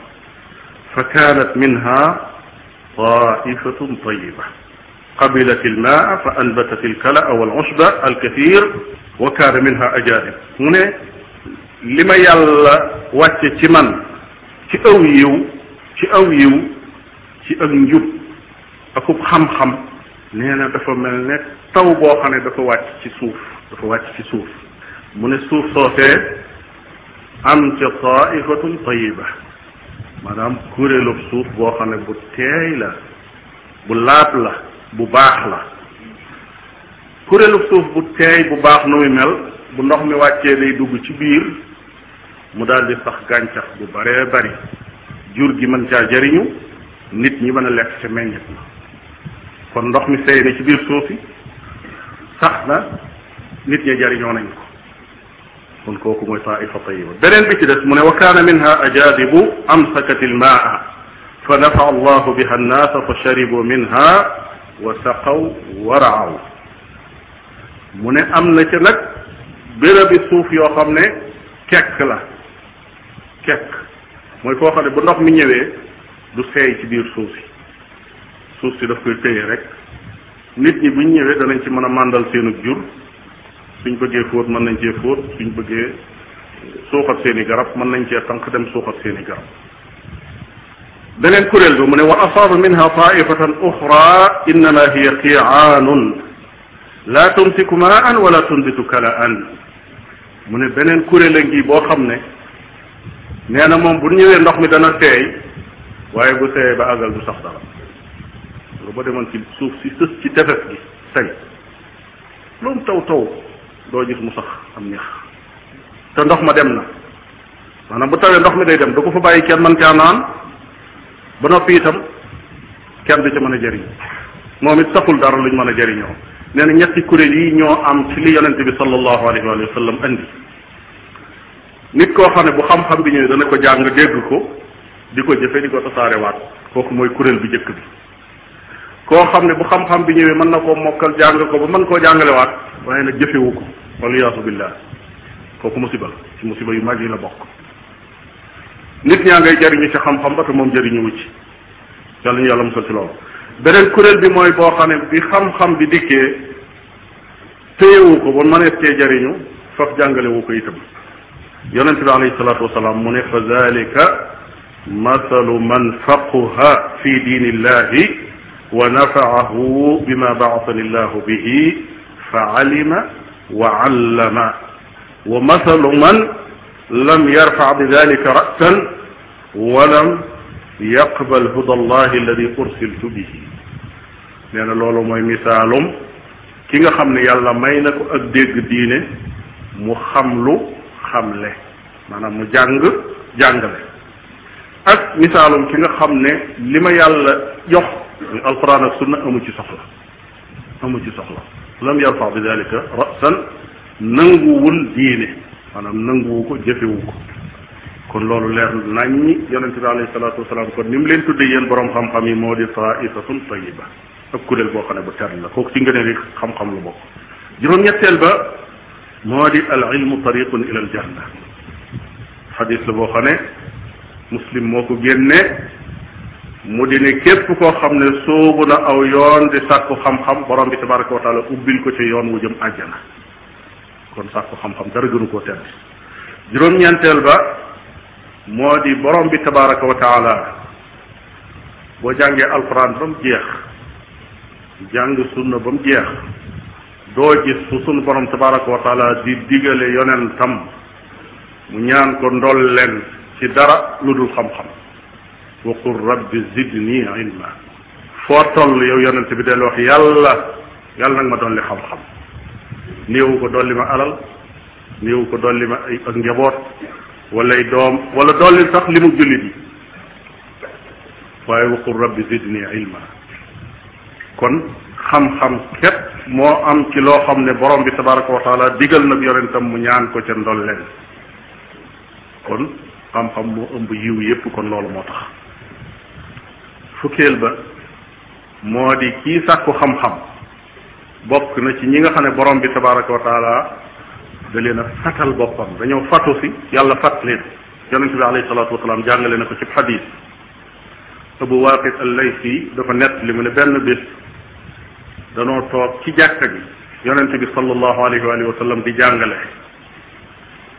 fa kanat minha taifatun tayiba qabilat ilmaa fa anbatat ilkalaa wal usba alkathir wa kaana minha ajaanib mu ne li ma yàlla wàcce ci man ci aw yiw ci aw yiw ci ak njub akub xam-xam nee na dafa mel ne taw boo xam ne dafa wàcc ci suuf dafa wàcc ci suuf mu ne suuf soosee am ca taifatun tayiba maanaam kuréelub suuf boo xam ne bu teey la bu laab la bu baax la kuréelu suuf bu teey bu baax nu muy mel bu ndox mi wàccee day dugg ci biir mu daal di sax gàncax bu baree bari jur gi mën caa jariñu nit ñi mën a lekk ca meññet kon ndox mi seey na ci biir suuf na nit ñi jariñoo nañ ko kon kooku mooy taifa tayiba beneen bi ci des mu ne wa kaana minha ajadibu amsakat ilmaa fa nafa allahu biha annaasa fa sharibu minha wa saqaw wa raaw mu ne am na ca nag bérébi suuf yoo xam ne kekk la kekk mooy foo xam ne bu ndox mi ñëwee du seey ci biir suuf si suuf si daf koy téye rek nit ñi bu ñu ñëwee danañ ci mën a màndal seenu jur suñ bëggee fóot mën nañ cee fóot suñ bëggee suuxat seen i garab mën nañ cee tànk dem suuxat seen garab beneen kuréel bi mu ne wa asaaba minha taifatan oxra innama hiya qiaanun la tumsiku maan wala tunbitu kalaan mu ne beneen kuréel a ngi boo xam ne nee na moom bu ñëwee ndox mi dana teey waaye bu seeyee ba àggal du sax dara demoon ci suuf si sës ci tefes taw taw doo gis mu sax am ñax te ndox ma dem na maanaam bu tawee ndox mi day dem du ko fa bàyyi kenn man caa ba noppi itam kenn du ci mën a jariñ moom it saful dara luñ mën a jëriñoo nee na ñetti kuréel yi ñoo am ci li yonente bi sallallahu alayhi wa sallam andi nit koo xam ne bu xam-xam bi ñëwee dana ko jàng dégg ko di ko jëfe di ko tasaarewaat kooku mooy kuréel bi njëkk bi koo xam ne bu xam-xam bi ñëwee mën na koo mokkal jàng ko ba mën koo jàngale waat waaye na jëfewu ko wala yaasu billah kooku musiba la ci musiba yu mag yi la bokk nit ñaa ngay jariñu ci xam-xam ba moom jariñu wu ci yàlla kuréel bi mooy boo xam ne bi xam-xam bi dikkee téyewu ko ba mënees cee jariñu faf jàngalewu ko itam yonente bi alayhi salaatu wasalaam mu ne fa dalika masalu man faquha fi diini illahi wa nafaahu bima baasani llahu bihi fa alima wa allama wa masalu walam yaqbal huda allahi alladi ursiltu bihi nee na loolu mooy misaalum ki nga xam ne yàlla may na ko ak dégg diine mu xam lu xamle maanaam mu jàng jàngale ak misaalum ki nga xam ne li ma yàlla jox muy alquran ak sunna amu ci soxla amu ci soxla lam yarfa bi dalika rasan nanguwul diine maanaam nanguwu ko jëfewu ko kon loolu leer naññi yonente bi alayhi salaatu wasalaam kon ni leen tuddee yéen borom xam-xam yi moo di taifatun tayiba ak kuréel boo xam ne bu tedd la kooku ci ngëneel yi xam-xam lu bokk juróom-ñetteel ba moo di al ilmu tariqun ila al janna xadis la boo xam ne muslim moo ko génne mu di ne képp koo xam ne soobu na aw yoon di sàkku xam-xam borom bi tabaraka wa taala ubbil ko ci yoon wu jëm àjjana kon sàkku xam-xam dara gënu koo tedd juróom-ñeenteel moo di boroom bi tabaraka wa boo jàngee alquran ba mu jeex jàng sunna ba mu jeex doo gis su sunu borom tabaraka wa di digale yonentam mu ñaan ko ndol ci dara lu dul xam-xam wa qul rabbi zidni ilma foo toll yow yonent bi del wax yàlla yàlla nag ma dolli xam-xam néewu ko dolli ma alal néewu ko dolli ma ay ak njaboot walay doom wala dollil sax li mu jullit yi waaye waqul rabbi zidni ilma kon xam-xam képp moo am ci loo xam ne borom bi tabaraka wa digal nag yonentam mu ñaan ko ca ndolleen kon xam-xam moo ëmb yiw yépp kon loolu moo tax fukkeel ba moo di kii sàkku xam-xam bokk na ci ñi nga xam ne borom bi tabaraka wa da a fatal boppam dañoo fatu si yàlla fat leen yonente bi alayhi salaatu wasalaam jàngale na ko ci xadis abu waaqid al-laysi dafa nett li mu ne benn bés danoo toog ci jàkka bi yonente bi sallallahu alayhi waalihi wa di jàngale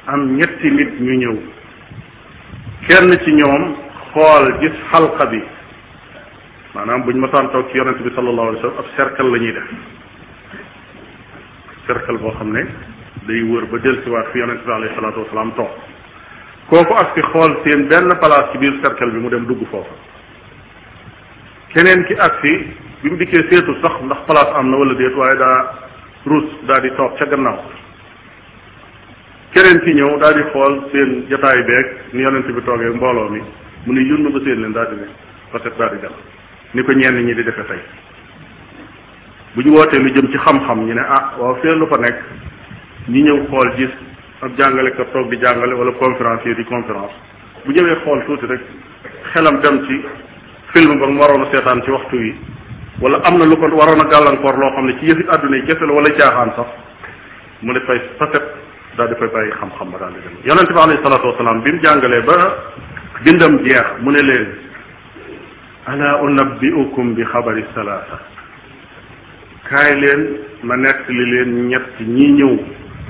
am ñetti nit ñu ñëw kenn ci ñoom xool gis xalqa bi maanaam buñ masaan toog ci yonente bi sallallahu alayhi wa sallam ab cercle la ñuy def cercle boo xam ne day wër ba dellusiwaat fi yonente bi alayhi salaatu wasalaam toog kooku ak si xool seen benn place ci biir cercle bi mu dem dugg foofa keneen ki ak si bi mu dikkee seetu sax ndax place am na wala déet waaye daa ruus daa di toog ca gannaaw keneen ki ñëw daa di xool seen jataay beeg ni yonente bi toogee mbooloo mi mu ne yunn ba seen leen daa di ne peut daa di dem ni ko ñenn ñi di defe tey bu ñu wootee lu jëm ci xam-xam ñu ne ah waaw fee lu fa nekk ñu ñëw xool gis ab jàngalekat toog di jàngale wala conférencier di conférence bu ñëwee xool tuuti rek xelam dem ci film ba mu waroon a seetaan ci waxtu wi wala am na lu ko waroon a gàllankoor loo xam ne ci yëfi àdduna yi kese la wala jaaxaan sax mu ne fay faset daal di fay bàyyi xam-xam ba daal di dem yonente bi alayhi salatu wasalaam bi mu jàngalee ba bindam jeex mu ne leen ala unabbiukum bi xabari salaasa kaay leen ma nekk li leen ñett ñii ñëw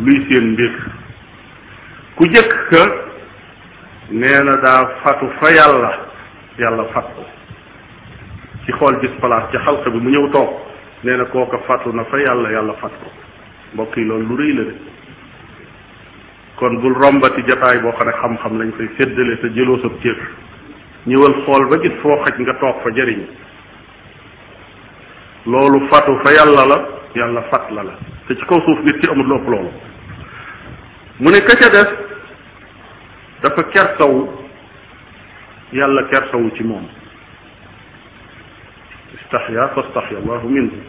luy seen mbir ku jëkk ka nee na daa fatu fa yàlla yàlla fat ci xool gis place ci xalqa bi mu ñëw toog nee na kooka fatu na fa yàlla yàlla fat ko mbokk yi loolu lu rëy la de kon bul rombati jataay boo xam ne xam-xam lañ koy séddale te jëloo sa cër ñëwal xool ba gis foo xaj nga toog fa jariñ loolu fatu fa yàlla la yàlla fat la la te ci kaw suuf nit ci amul lopp loolu mu ne ka ca def dafa kersawu yàlla kersawu ci moom istaxya fastaxya allahu minhu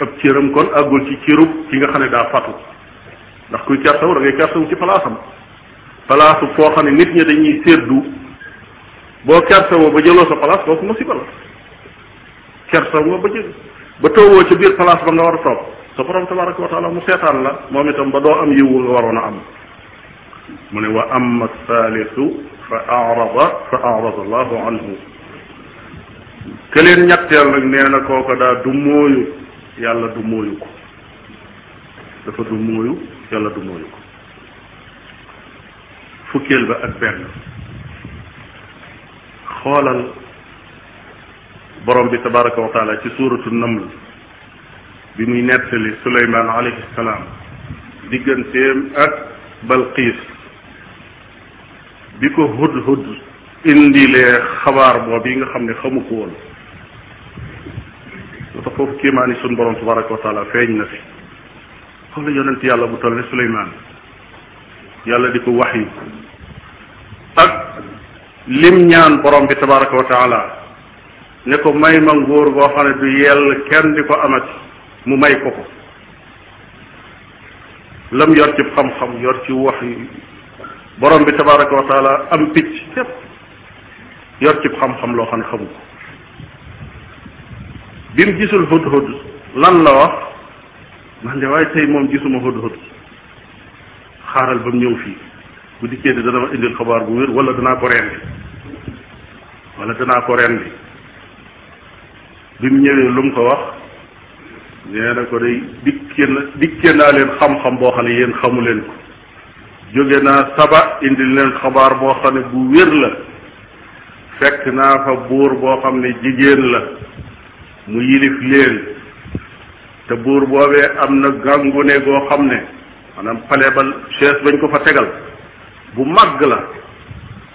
ab cëram kon àggul ci cërub ki nga xam ne daa fatu ndax kuy kersawu da ngay kersawu ci palaasam palaasu foo xam ne nit ñi dañuy séddu boo kersawoo ba jëloo sa palaas kooku musiba kersaw nga ba jël ba toogoo ca biir place ba nga war a toog sa borom tabaraka wa mu seetaan la moom itam ba doo am yiwu nga waroon a am mu ne wa amma saalisu fa arada fa arada allahu anhu ke leen ñetteel nag nee na kooko daa du mooyu yàlla du mooyu ko dafa du mooyu yàlla du mooyu ko fukkeel ba ak benn xoolal borom bi tabaraka wa taala ci suuratu naml bi muy nettali suleymaan alayhi salaam digganteem ak balqiis bi ko hudhud indilee xabaar boobu yi nga xam ne xamu ko woon lu tax foofu kéemaani sun borom tabaraka wa feeñ na fi xoola yonent yàlla bu toll suleymaan yàlla di ko wax ak lim ñaan borom bi tabaraka wa ne ko may ma nguur boo xam ne du yell kenn di ko amati mu may ko ko lam yor ci xam-xam yor ci wax yi borom bi tabaraka wa am picc képp yor ci xam-xam loo xam ne xamu ko bi mu gisul hudhud lan la wax man de waaye tey moom gisuma hudhud xaaral ba mu ñëw fii bu dikkee di dana ma indil xabaar bu wér wala danaa ko rendi wala danaa ko rendi bi mu ñëwee lu mu ko wax nee na ko day dikke na naa leen xam-xam boo xam ne yéen xamu leen ko jóge naa saba indi leen xabaar boo xam ne bu wér la fekk naa fa buur boo xam ne jigéen la mu yilif leen te buur boobee am na gàngune goo xam ne maanaam pale ba chaise bañ ko fa tegal bu màgg la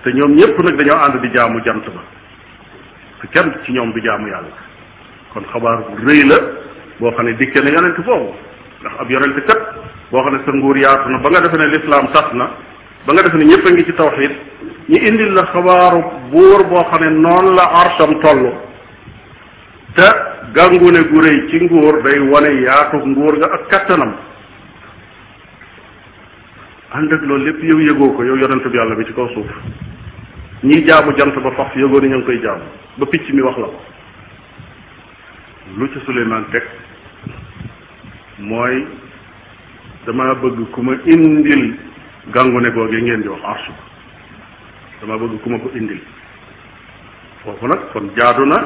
te ñoom ñépp nag dañoo ànd di jaamu jant ba kenn ci ñoom du jaamu yàlla kon xabaar bu rëy la boo xam ne dikkee na yonent foofu ndax ab yonent kat boo xam ne sa nguur yaatu na ba nga defe ne lislaam tas na ba nga defe ne ñëpp a ngi ci tawxid ñu indil la xabaaru buur boo xam ne noonu la arsham toll te gàngune gu rëy ci nguur day wane yaatu nguur nga ak kattanam ànd ak loolu lépp yow yëgoo ko yow yonent bi yàlla bi ci kaw suuf ñiy jaamu jant ba faf yëgoo ni ña ngi koy jaamu ba picc mi wax la ko lu ci Suleymaan teg mooy dama bëgg ku ma indil gàngu ne googee ngeen di wax arsu dama bëgg ku ma ko indil foofu nag kon jaadu na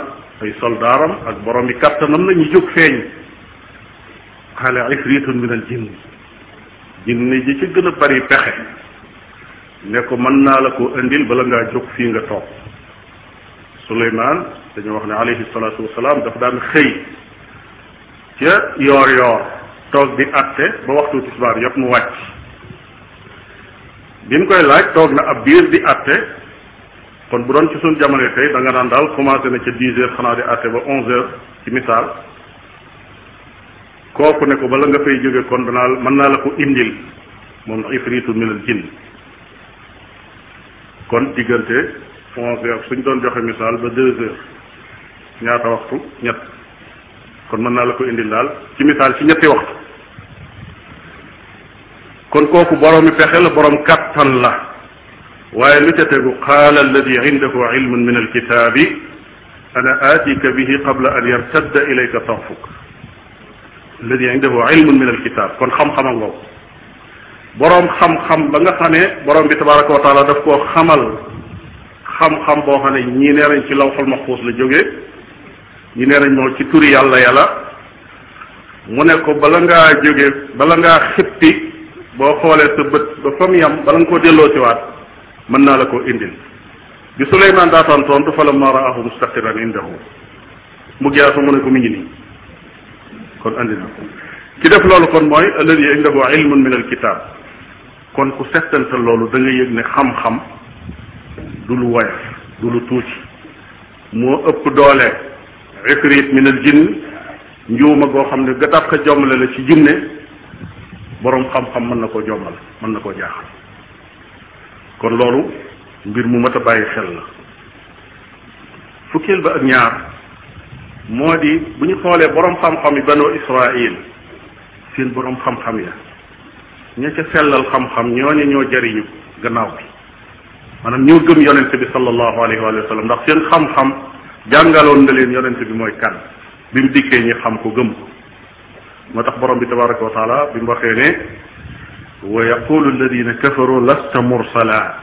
ay soldaaram ak borom yi kàttanam na ñu jóg feeñ xale ifritun min al jinn ji ci gën a bari pexe ne ko mën naa la ko indil bala ngaa jóg fii nga toog Suleymaan dañu wax ne alayhi salaatu wasalaam dafa daan xëy ca yoor yoor toog di atte ba waxtu tisbaar yëpp mu wàcc bi mu koy laaj toog na ab biir di atte kon bu doon ci suñ jamono tey da nga daal commencé na ca dix heures xanaa di atte ba onze heures ci misaal kooku ne ko bala nga fay jóge kon danaa mën naa la ko indil moom ifritu minal jinn kon diggante onze heures suñ doon joxe misaal ba deux heures ñaata waxtu ñett kon mën naa la ko indil daal ci misaal ci ñetti waxtu kon kooku boroomi pexe la boroom kattan la waaye lu ca tegu qaala alladi indahu ilmun min alkitaabi ana aatika bihi qabla an yartadda ilayka tarfuk alladi indahu ilmun min alkitaab kon xam-xama ngoogu boroom xam-xam ba nga xamee boroom bi tabaraka wa taala daf koo xamal xam-xam boo xam ne ñii nee nañ ci lawxul maxfuus la jógee ñii nee moo ci turi yàlla yàlla mu ne ko bala ngaa jógee bala ngaa xippi boo xoolee sa bët ba fa yam bala nga koo delloo siwaat mën naa la ko indil bi Suleymaan daataan tontu fa lammaa ra'aahu mustaqiran indahu mu geesu mu ne ko mi ngi nii kon andi na ki def loolu kon mooy alladi indahu ilmun min alkitab kon ku settantal loolu da nga yëg ne xam-xam du lu woyof du lu tuuti moo ëpp doole ifrit min al jinn njuuma goo xam ne gataat ka jommale la ci jinne boroom xam-xam mën na koo jommal mën na koo jaaxal kon loolu mbir mu mat a bàyyi xel la fukkeel ba ak ñaar moo di bu ñu xoolee boroom xam-xam yi banu Israil seen boroom xam-xam ya ña ca sellal xam-xam ñooñu ñoo jariñu gannaaw bi maanaam ñoo gëm yonente bi sallallahu alayhi wa sallam ndax seen xam-xam jàngaloon leen yonente bi mooy kan bi mu dikkee ñi xam ko gëm ko tax borom bi tabaraka wa taala bi mu waxee ne wa yaqulu alladina kafaru lasta mursala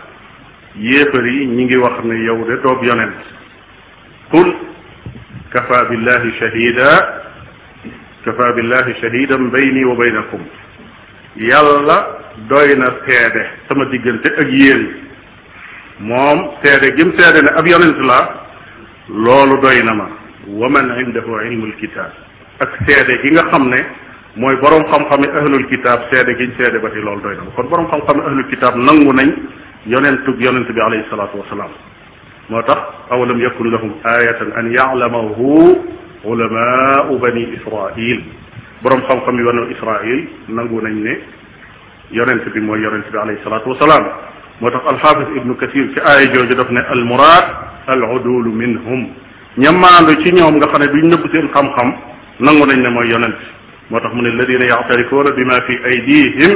yi ñi ngi wax ne yow de doob yonent qul kafa billahi shahida kafa billahi shahidan bayni wa baynakum yàlla doy na seede sama diggante ak yéen moom seede gim seede ne ab yonent la loolu doy na ma wa man indahu ilmul kitaab ak seede gi nga xam ne mooy boroom xam-xami ahlul kitaab seede giñ seede ba tey loolu doy na ma kon boroom xam-xami ahlul kitaab nangu nañ yonentub yonent bi alayhi salaatu wasalaam moo tax awalam yakun lahum ayatan an ya'lamahu ulamaau bani israil boroom xam-xam yi banu israil nangu nañ ne yonent bi mooy yonent bi alayhi salaatu wasalaam moo tax alxaafis ibnu kathir ci aaya jooju daf ne al muraad al udulu minhum ñamaandu ci ñoom nga xam ne duñ nëbb seen xam-xam nangu nañ ne mooy yonent moo tax mu ne alladina yactarifuna bima fi aydihim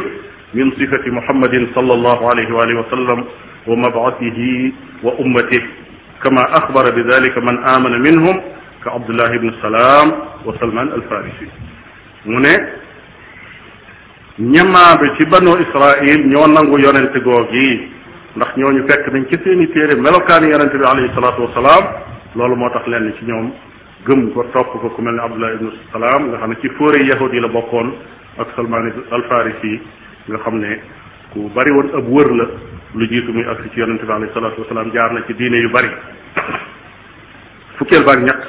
min sifati muhammadin sallallahu alayhi wa alihi wa sallam wa mabcatihi wa ummatihi kama axbara bi dalika man amana minhum ka abdullah ibn salaam wa salman alfarisi mu ne ñemaandu ci banu Israil ñoo nangu yonente goog yi ndax ñu fekk nañ ci seeni téere melokaani yonente bi alayhi salaatu wasalaam loolu moo tax lenn ci ñoom gëm ko topp ko ku mel ne Abdullah ibnu Salaam nga xam ne ci fóore yahudi yi la bokkoon ak Salmaan al-Farisi nga xam ne ku bari woon ab wër la lu jiitu muy agsi ci yonente bi alayhi salaatu wasalaam jaar na ci diine yu bari fukkeel baak ñett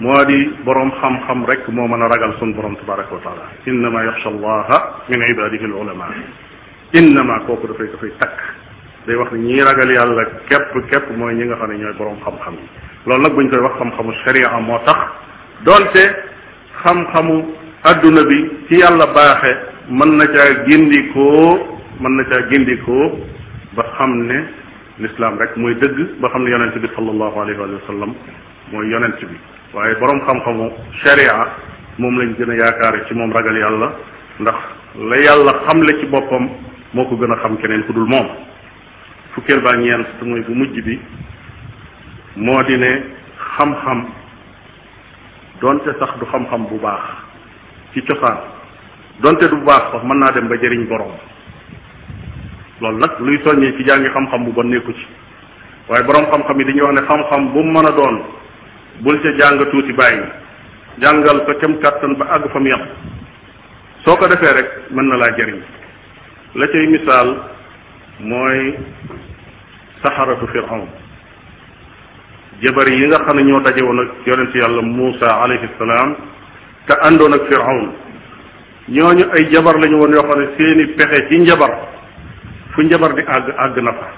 moo di boroom xam-xam rek moo mën a ragal sun borom tabaraka wa taala innama yaxsha allaha min ibadihi alulama innama kooku dafay dafay takk day wax ne ñii ragal yàlla képp képp mooy ñi nga xam ne ñooy boroom xam-xam yi loolu nag bu ñu koy wax xam-xamu sharia moo tax doonte xam-xamu àdduna bi ci yàlla baaxe mën na caa gindikoo mën na caa gindikoo ba xam ne l'islam rek muy dëgg ba xam ne yonent bi sallallahu alayhi wa sallam mooy yonent bi waaye borom xam-xamu sharia moom lañ gën a yaakaare ci moom ragal yàlla ndax la yàlla xamle ci boppam moo ko gën a xam keneen ku dul moom fukkeel baa ñeent te mooy bu mujj bi moo di ne xam-xam donte sax du xam-xam bu baax ci cosaan donte du bu baax sax mën naa dem ba jëriñ borom loolu nag luy soññee ci jàngi xam-xam bu bon nekku ci waaye borom xam-xam yi dañuy wax ne xam-xam bu mu mën a doon bul ca jàng tuuti bàyyi jàngal ko cam kàttan ba àgg fa mu yem soo ko defee rek mën na laa jëriñ la cay misaal mooy saxaratu firawn jabar yi nga xam ne ñoo daje woon ak yonent yàlla Muusa alayhi salaam te àndoon ak firawn ñooñu ay jabar lañu woon yoo xam ne seeni pexe ci njabar fu njabar di àgg àgg na fa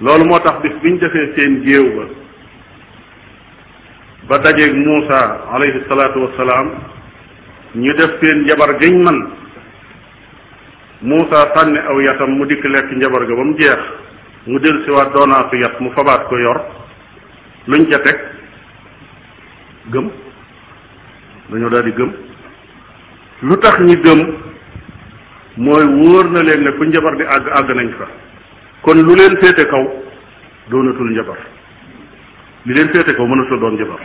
loolu moo tax bis biñ defee seen géew ba ba dajeeg Muusa alayhi salaatu wassalaam ñu def seen njabar gañ man Muusa sànni aw yatam mu dikk lekk njabar ga ba mu jeex mu del siwaat doonaasu yat mu fabaat ko yor luñ ca teg gëm dañoo daal gëm lu tax ñi gëm mooy wóor na leen ne fu njabar di àgg àgg nañ fa kon lu leen féete kaw doonatul njabar li leen féete ko mënatu doon njabar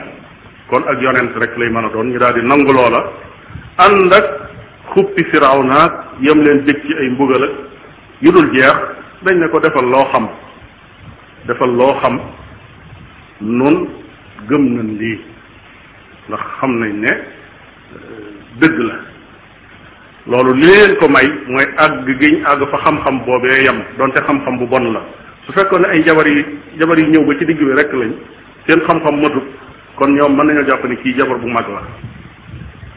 kon ak yonent rek lay mën a doon ñu daal di nangu loola ànd ak xuppi firaw naag yem leen dégg ci ay mbugal ak yu dul jeex dañ ne ko defal loo xam defal loo xam noon gëm nañ lii ndax xam nañ ne euh, dëgg la loolu li leen ko may mooy àgg giñ àgg fa xam-xam boobee yem donte xam-xam bu bon la su fekkoon ne ay jabar yi jabar yi ñëw ba ci digg bi rek lañ seen xam-xam matut kon ñoom mën nañoo jàpp ne kii jabar bu mag la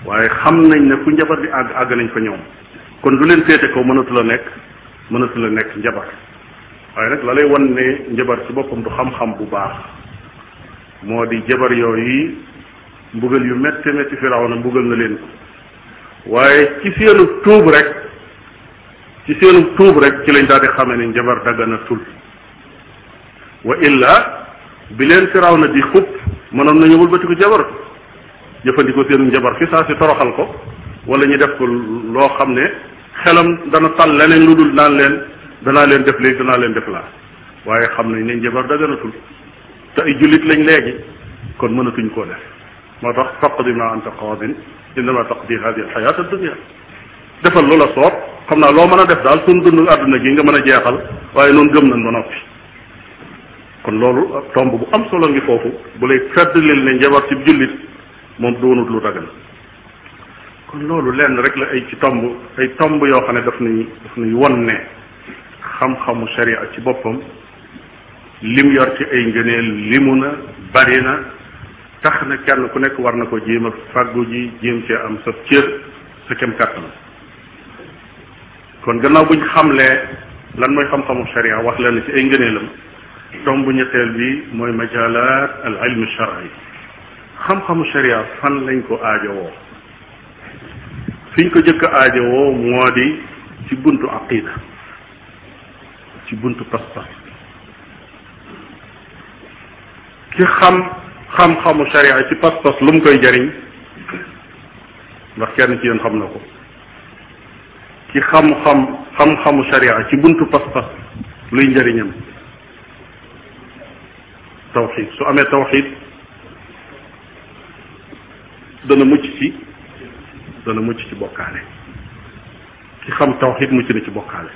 waaye xam nañ ne fu njabar bi àgg àgg nañ ko ñoom kon lu leen seete ko mënatu la nekk mënatul la nekk njabar waaye nag la lay wan ne njabar ci boppam du xam-xam bu baax moo di jabar yooyu mbugal yu metti metti Firawna mbugal na leen waaye ci seenu tuub rek ci seenu tuub rek ci lañ daal di xamee ne njabar dagganatul wa illa bi leen firaw na di xub mënoon nañu wëlbatiku jabar jëfandikoo seenu njabar fi saa si toroxal ko wala ñu def ko loo xam ne xelam dana tal leneen lu dul naan leen danaa leen def léegi danaa leen def laa waaye xam nañ ne njabar daganatul te ay jullit lañ léegi kon mënatuñ koo def moo tax faqdi ma anta qaadin innama taqdi hadi alxayat addunia defal lu la soob xam naa loo mën a def daal suñ dund àdduna gi nga mën a jeexal waaye noonu gëm nañ ba noppi kon loolu tomb bu am solo ngi foofu bu lay fàttalil ne njabar ci jullit moom doonut lu dagan kon loolu lenn rek la ay ci tomb ay tomb yoo xam ne daf nuy won ne xam-xamu sharia ci boppam lim yor ci ay ngëneel limu na bari na tax na kenn ku nekk war na ko jéem a fàggu ji jéem cee am sa cër sa kem kàttan kon gannaaw buñ xamlee lan mooy xam-xamu sharia wax leen ci ay ngëneelam tomb ñetteel bi mooy majalaat al ilmu shari xam-xamu sharia fan lañ ko aajowoo fiñ ko jëkk aajowoo moo di ci buntu aqida ci buntu pas-pas ki xam xam-xamu sharia ci pas-pas lu mu koy jariñ ndax kenn ci yéen xam na ko ki xam-xam xam-xamu sharia ci buntu pas-pas luy njariñam tawxid su amee tawxid dana mucc ci dana mucc ci bokkaale ki xam tawxid mucc na ci bokkaale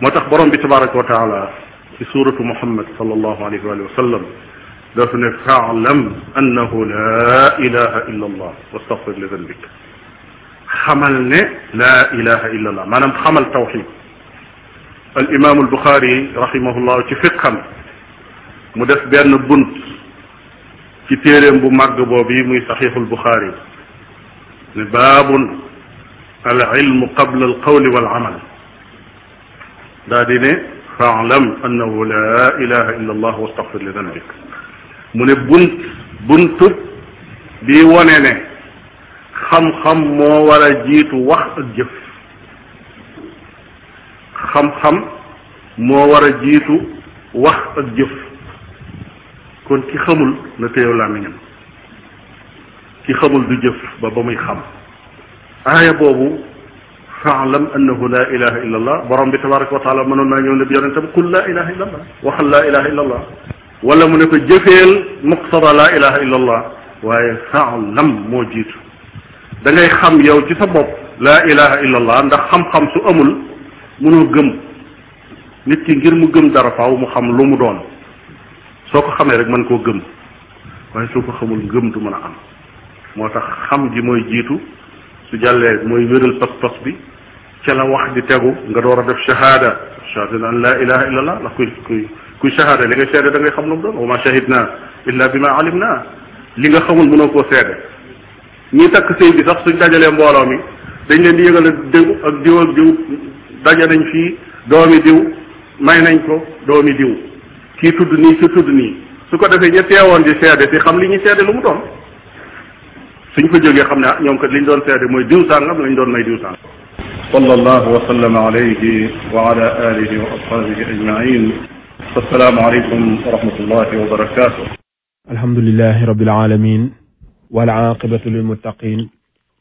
moo tax borom bi tabaraka wa taala ci suuratu muhammad sallallahu alayhi wa sallam daf ne faalam annahu la ilaha illa allah wastaghfir li dhanbik xamal ne la ilaha illa allah maanaam xamal tawxid al imam al buxaari rahimahullah ci fiqham mu def benn bunt ci téeréem bu màgg boobu yi muy saxiixul buxaari ne baabun al ilmu qabla al qawli wal amal daa di ne faalam annahu la ilaha illa allah wastaxfir li danbik mu ne bunt buntub bi wone ne xam-xam moo war a jiitu wax ak jëf xam-xam moo war a jiitu wax ak jëf kon ki xamul na téyew làmmiñam ki xamul du jëf ba ba muy xam aaya boobu faalam annahu la ilaha illa allah borom bi tabaraka wa taala mënoon naa ñëw ne bi yonentam qul la ilaha illa allah waxal la ilaha illa allah wala mu ne ko jëfeel muqtada la ilaha illa allah waaye faalam moo jiitu da ngay xam yow ci sa bopp la ilaha illa allah ndax xam-xam su amul mënoo gëm nit ki ngir mu gëm dara faaw mu xam lu mu doon soo ko xamee rek mën koo gëm waaye soo ko xamul gëm du mën a am moo tax xam ji mooy jiitu su jàllee mooy wéral pas-pas bi ca la wax di tegu nga door a def shahada shahada an la ilaha illa kuy kuy kuy shahada li xam lu mu doon wa ma shahidna illa bi ma alim na li nga xamul mënoo koo seede ñi takk sëy bi sax suñ dajalee mbooloo mi dañ leen di yëgal ak ak diw ak diw daja nañ fii doomi diw may nañ ko doomi diw kii tudd nii ki tudd nii su ko defee ña teewoon di seede di xam li ñuy seede lu mu doon suñ ko jógee xam ne ah ñoom kat li ñu doon seede mooy diw sàngam lañ doon may diw sàngam sallallahu wa sallama alayhi wa ala alihi wa ashabihi ajmain assalaamu aleykum wa rahmatullahi wa barakatuh alhamdulilahi rabbil alamin wal aqibatu lil muttaqin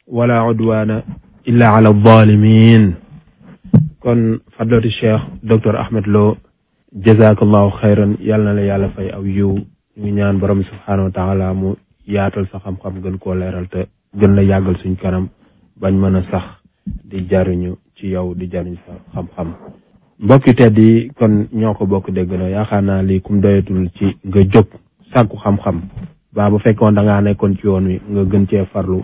wala udwana illa ala zalimin kon fadlati cheikh docteur Ahmed Lo jazakallahu xayran yal na la yàlla fay aw yiw ñu ñaan borom subhaanahu wa taala mu yaatal sax xam-xam gën koo leeral te gën la yàggal suñ kanam bañ mën a sax di jariñu ci yow di jariñ sa xam-xam mbokki tedd yi kon ñoo ko bokk de na yaakaar naa lii kum doyatul ci nga jóg sàkku xam-xam baa bu fekkoon da ngaa nekkoon ci yoon wi nga gën cee farlu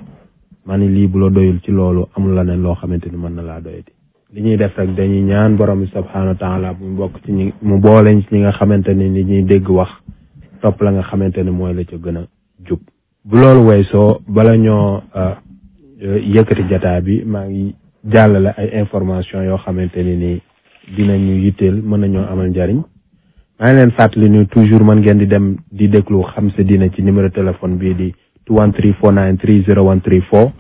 ma ni lii bu la doyul ci loolu amul la ne loo xamante ni mën na laa doyati li ñuy def rek dañuy ñaan borom bi subhanahu wa taala bu mu bokk ci ñi mu booleñ ci ñi nga xamante ni li ñuy dégg wax topp la nga xamante ni mooy la ca gën a jub bu loolu woy weesoo bala ñoo euh, yëkkati jataa bi maa ngi jàllale ay information yoo xamante ni nii dinañu yitteel mën ñoo amal njariñ maa ngi leen fàttali ni toujours mën ngeen di dem di déglu xam sa diine ci numéro téléphone bii di 213 493 0134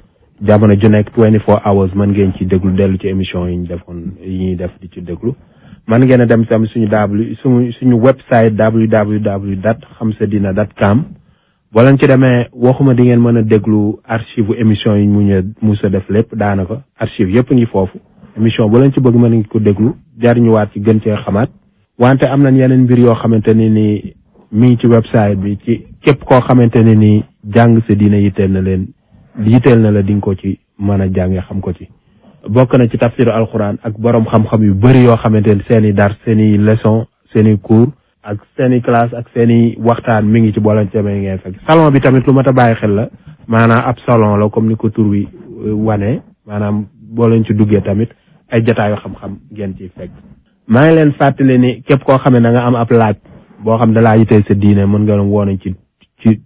jamono ju nekk 24 hours mën ngeen ci déglu dellu ci émission yi ñu defoon yi ñuy def di ci déglu man ngeen a dem tam suñu w suñu suñu website www dat xamsadina dat com boo leen ci demee waxuma di ngeen mën a déglu archive émission yi mu ñu musa def lépp daanaka archive yëpp ngi foofu émission bu leen ci bëgg mën nañ ko déglu jariñuwaat ci gën cee xamaat wante am nañ yeneen mbir yoo xamante ne ni mi ngi ci website bi ci képp koo xamante ne ni jàng sa diina yitteel na leen yitteel na la di ko ci mën a jànge xam ko ci bokk na ci tafsiru alxuraan ak borom xam-xam yu bëri yoo xamante ni seeni i dar seen i leçon seen i ak seeni i ak seen i waxtaan mi ngi ci booleen demee ngeen fekk salon bi tamit lu mat a bàyyi xel la maanaam ab salon la comme ni ko tur wi euh, wane maanaam boo leen ci duggee tamit ay jotaayu xam-xam ngeen ciy fek maa ngi leen fàttali ni képp koo xam ne da nga am ab laaj boo xam ne laa yitteel sa diine mën nga woon ci ci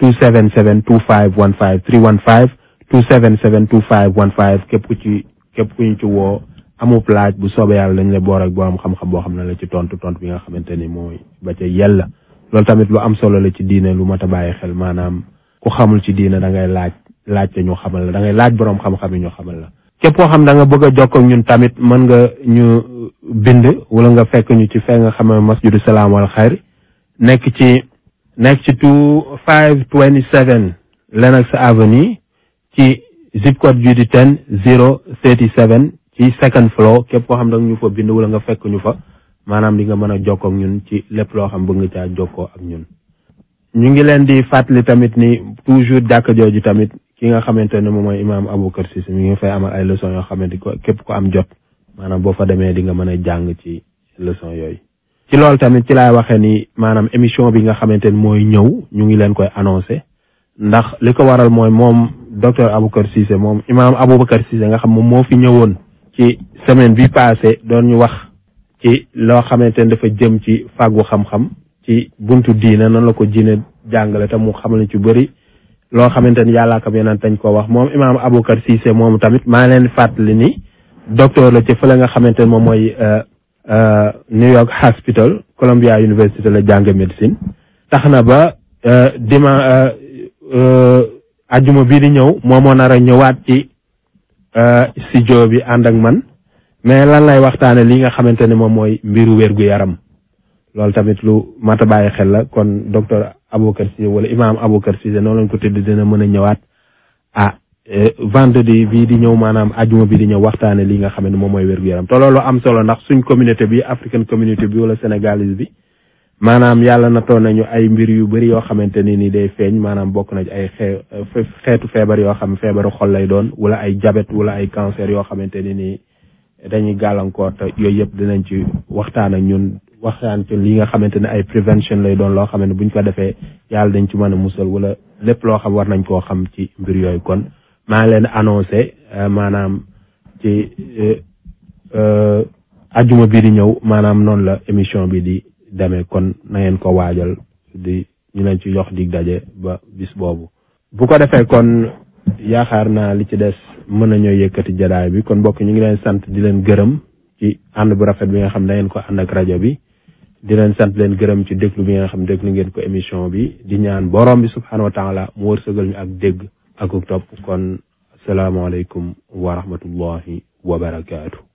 277 25 15 315 277 25 15 képp ku ci képp ku ñu ci woo amub laaj bu soobee yàlla dañ la boor ak boroom xam-xam boo xam ne la ci tontu tontu bi nga xamante ni mooy ba ca yella loolu tamit lu am solo la ci diine lu mat a bàyyi xel maanaam ku xamul ci diine da ngay laaj laaj te ñu xamal la da ngay laaj boroom xam-xam yi ñu xamal la. képp koo xam da nga bëgg a jokkoo ñun tamit mën nga ñu bind wala nga fekk ñu ci fee nga xam ne masjidu salaam wal xayr nekk ci. nekk ci two five twenty seven Lenox Avenue ci zip code ju di ten zero thirty seven ci second floor képp koo xam ne ñu fa bind wala nga fekk ñu fa maanaam di nga mën a jokkoo ñun ci lépp loo xam bëgg nga caa jokkoo ak ñun. ñu ngi leen di fàttali tamit ni toujours jàkka jooju tamit ki nga xamante ne moom mooy imam Aboubacar Cissé mi ngi fay amal ay leçons yoo xamante ko képp ko am jot maanaam boo fa demee di nga mën a jàng ci leçon yooyu. ci loolu tamit ci laay waxee ni maanaam émission bi nga xamante ni mooy ñëw ñu ngi leen koy annoncé ndax li ko waral mooy moom docteur Aboubacar Cissé moom imaam Aboubacar Cissé nga xam moom moo fi ñëwoon ci semaine bi passé doon ñu wax ci loo xamante ni dafa jëm ci fàggu xam-xam ci buntu diina nan la ko jiine jàngale te mu xam ci bëri loo xamante ni yàllaa kam yeneen dañ ko wax moom imaam Aboubacar Cissé moom tamit maa leen fàttali ni docteur la ci fële nga xamante ni moom mooy euh, Euh, New York Hospital Columbia University la jànge médecine tax na ba euh, dima euh, ajuma bii di ñëw moom moo nar a ñëwaat ci studio bi ànd ak man mais lan lay waxtaane li nga xamante ne moom mooy mbiru wér-gu-yaram loolu tamit lu mat a bàyyi xel la kon docteur Aboubacar Cissé wala imam Aboubacar Cissé noonu lañ ko tëdd dina mën a ñëwaat ah, vendredi bii di ñëw maanaam ajuma bi di ñëw waxtaane li nga xam moom mooy wér-gu-yaram te am solo ndax suñ communauté bi african communauté bi wala sénégalaise bi maanaam yàlla nattoon nañu ay mbir yu bëri yoo xamante ni ni day feeñ maanaam bokk nañ ay xeetu feebar yoo xam feebaru xol lay doon wala ay jabet wala ay cancer yoo xamante ni nii dañuy gàllankoor te yooyu yëpp dinañ ci waxtaan ak ñun waxtaan ci li nga xamante ne ay prévention lay doon loo xam ne buñ ko defee yàlla dañ ci mën a musal wala lépp loo xam war nañ koo xam ci mbir yooyu kon maa leen annoncé euh, maanaam ci euh, euh, ajuma bi di ñëw maanaam noonu la émission bi di demee kon na ngeen ko waajal di ñu leen ci jox dig daje ba bis boobu bu ko defee kon yaakaar naa li ci des mën na ñëw yëkkati jadaay bi kon mbokk ñu ngi leen sant di leen gërëm ci ànd bu rafet bi nga xam da ngeen ko ànd ak rajo bi di leen sant leen gërëm ci déglu bi nga xam déglu ngeen ko émission bi di ñaan borom bi subhanahu wa taala mu wërsëgal ñu ak dégg akuk topp kon asalaamaaleykum wa rahmatullahi wa barakaatu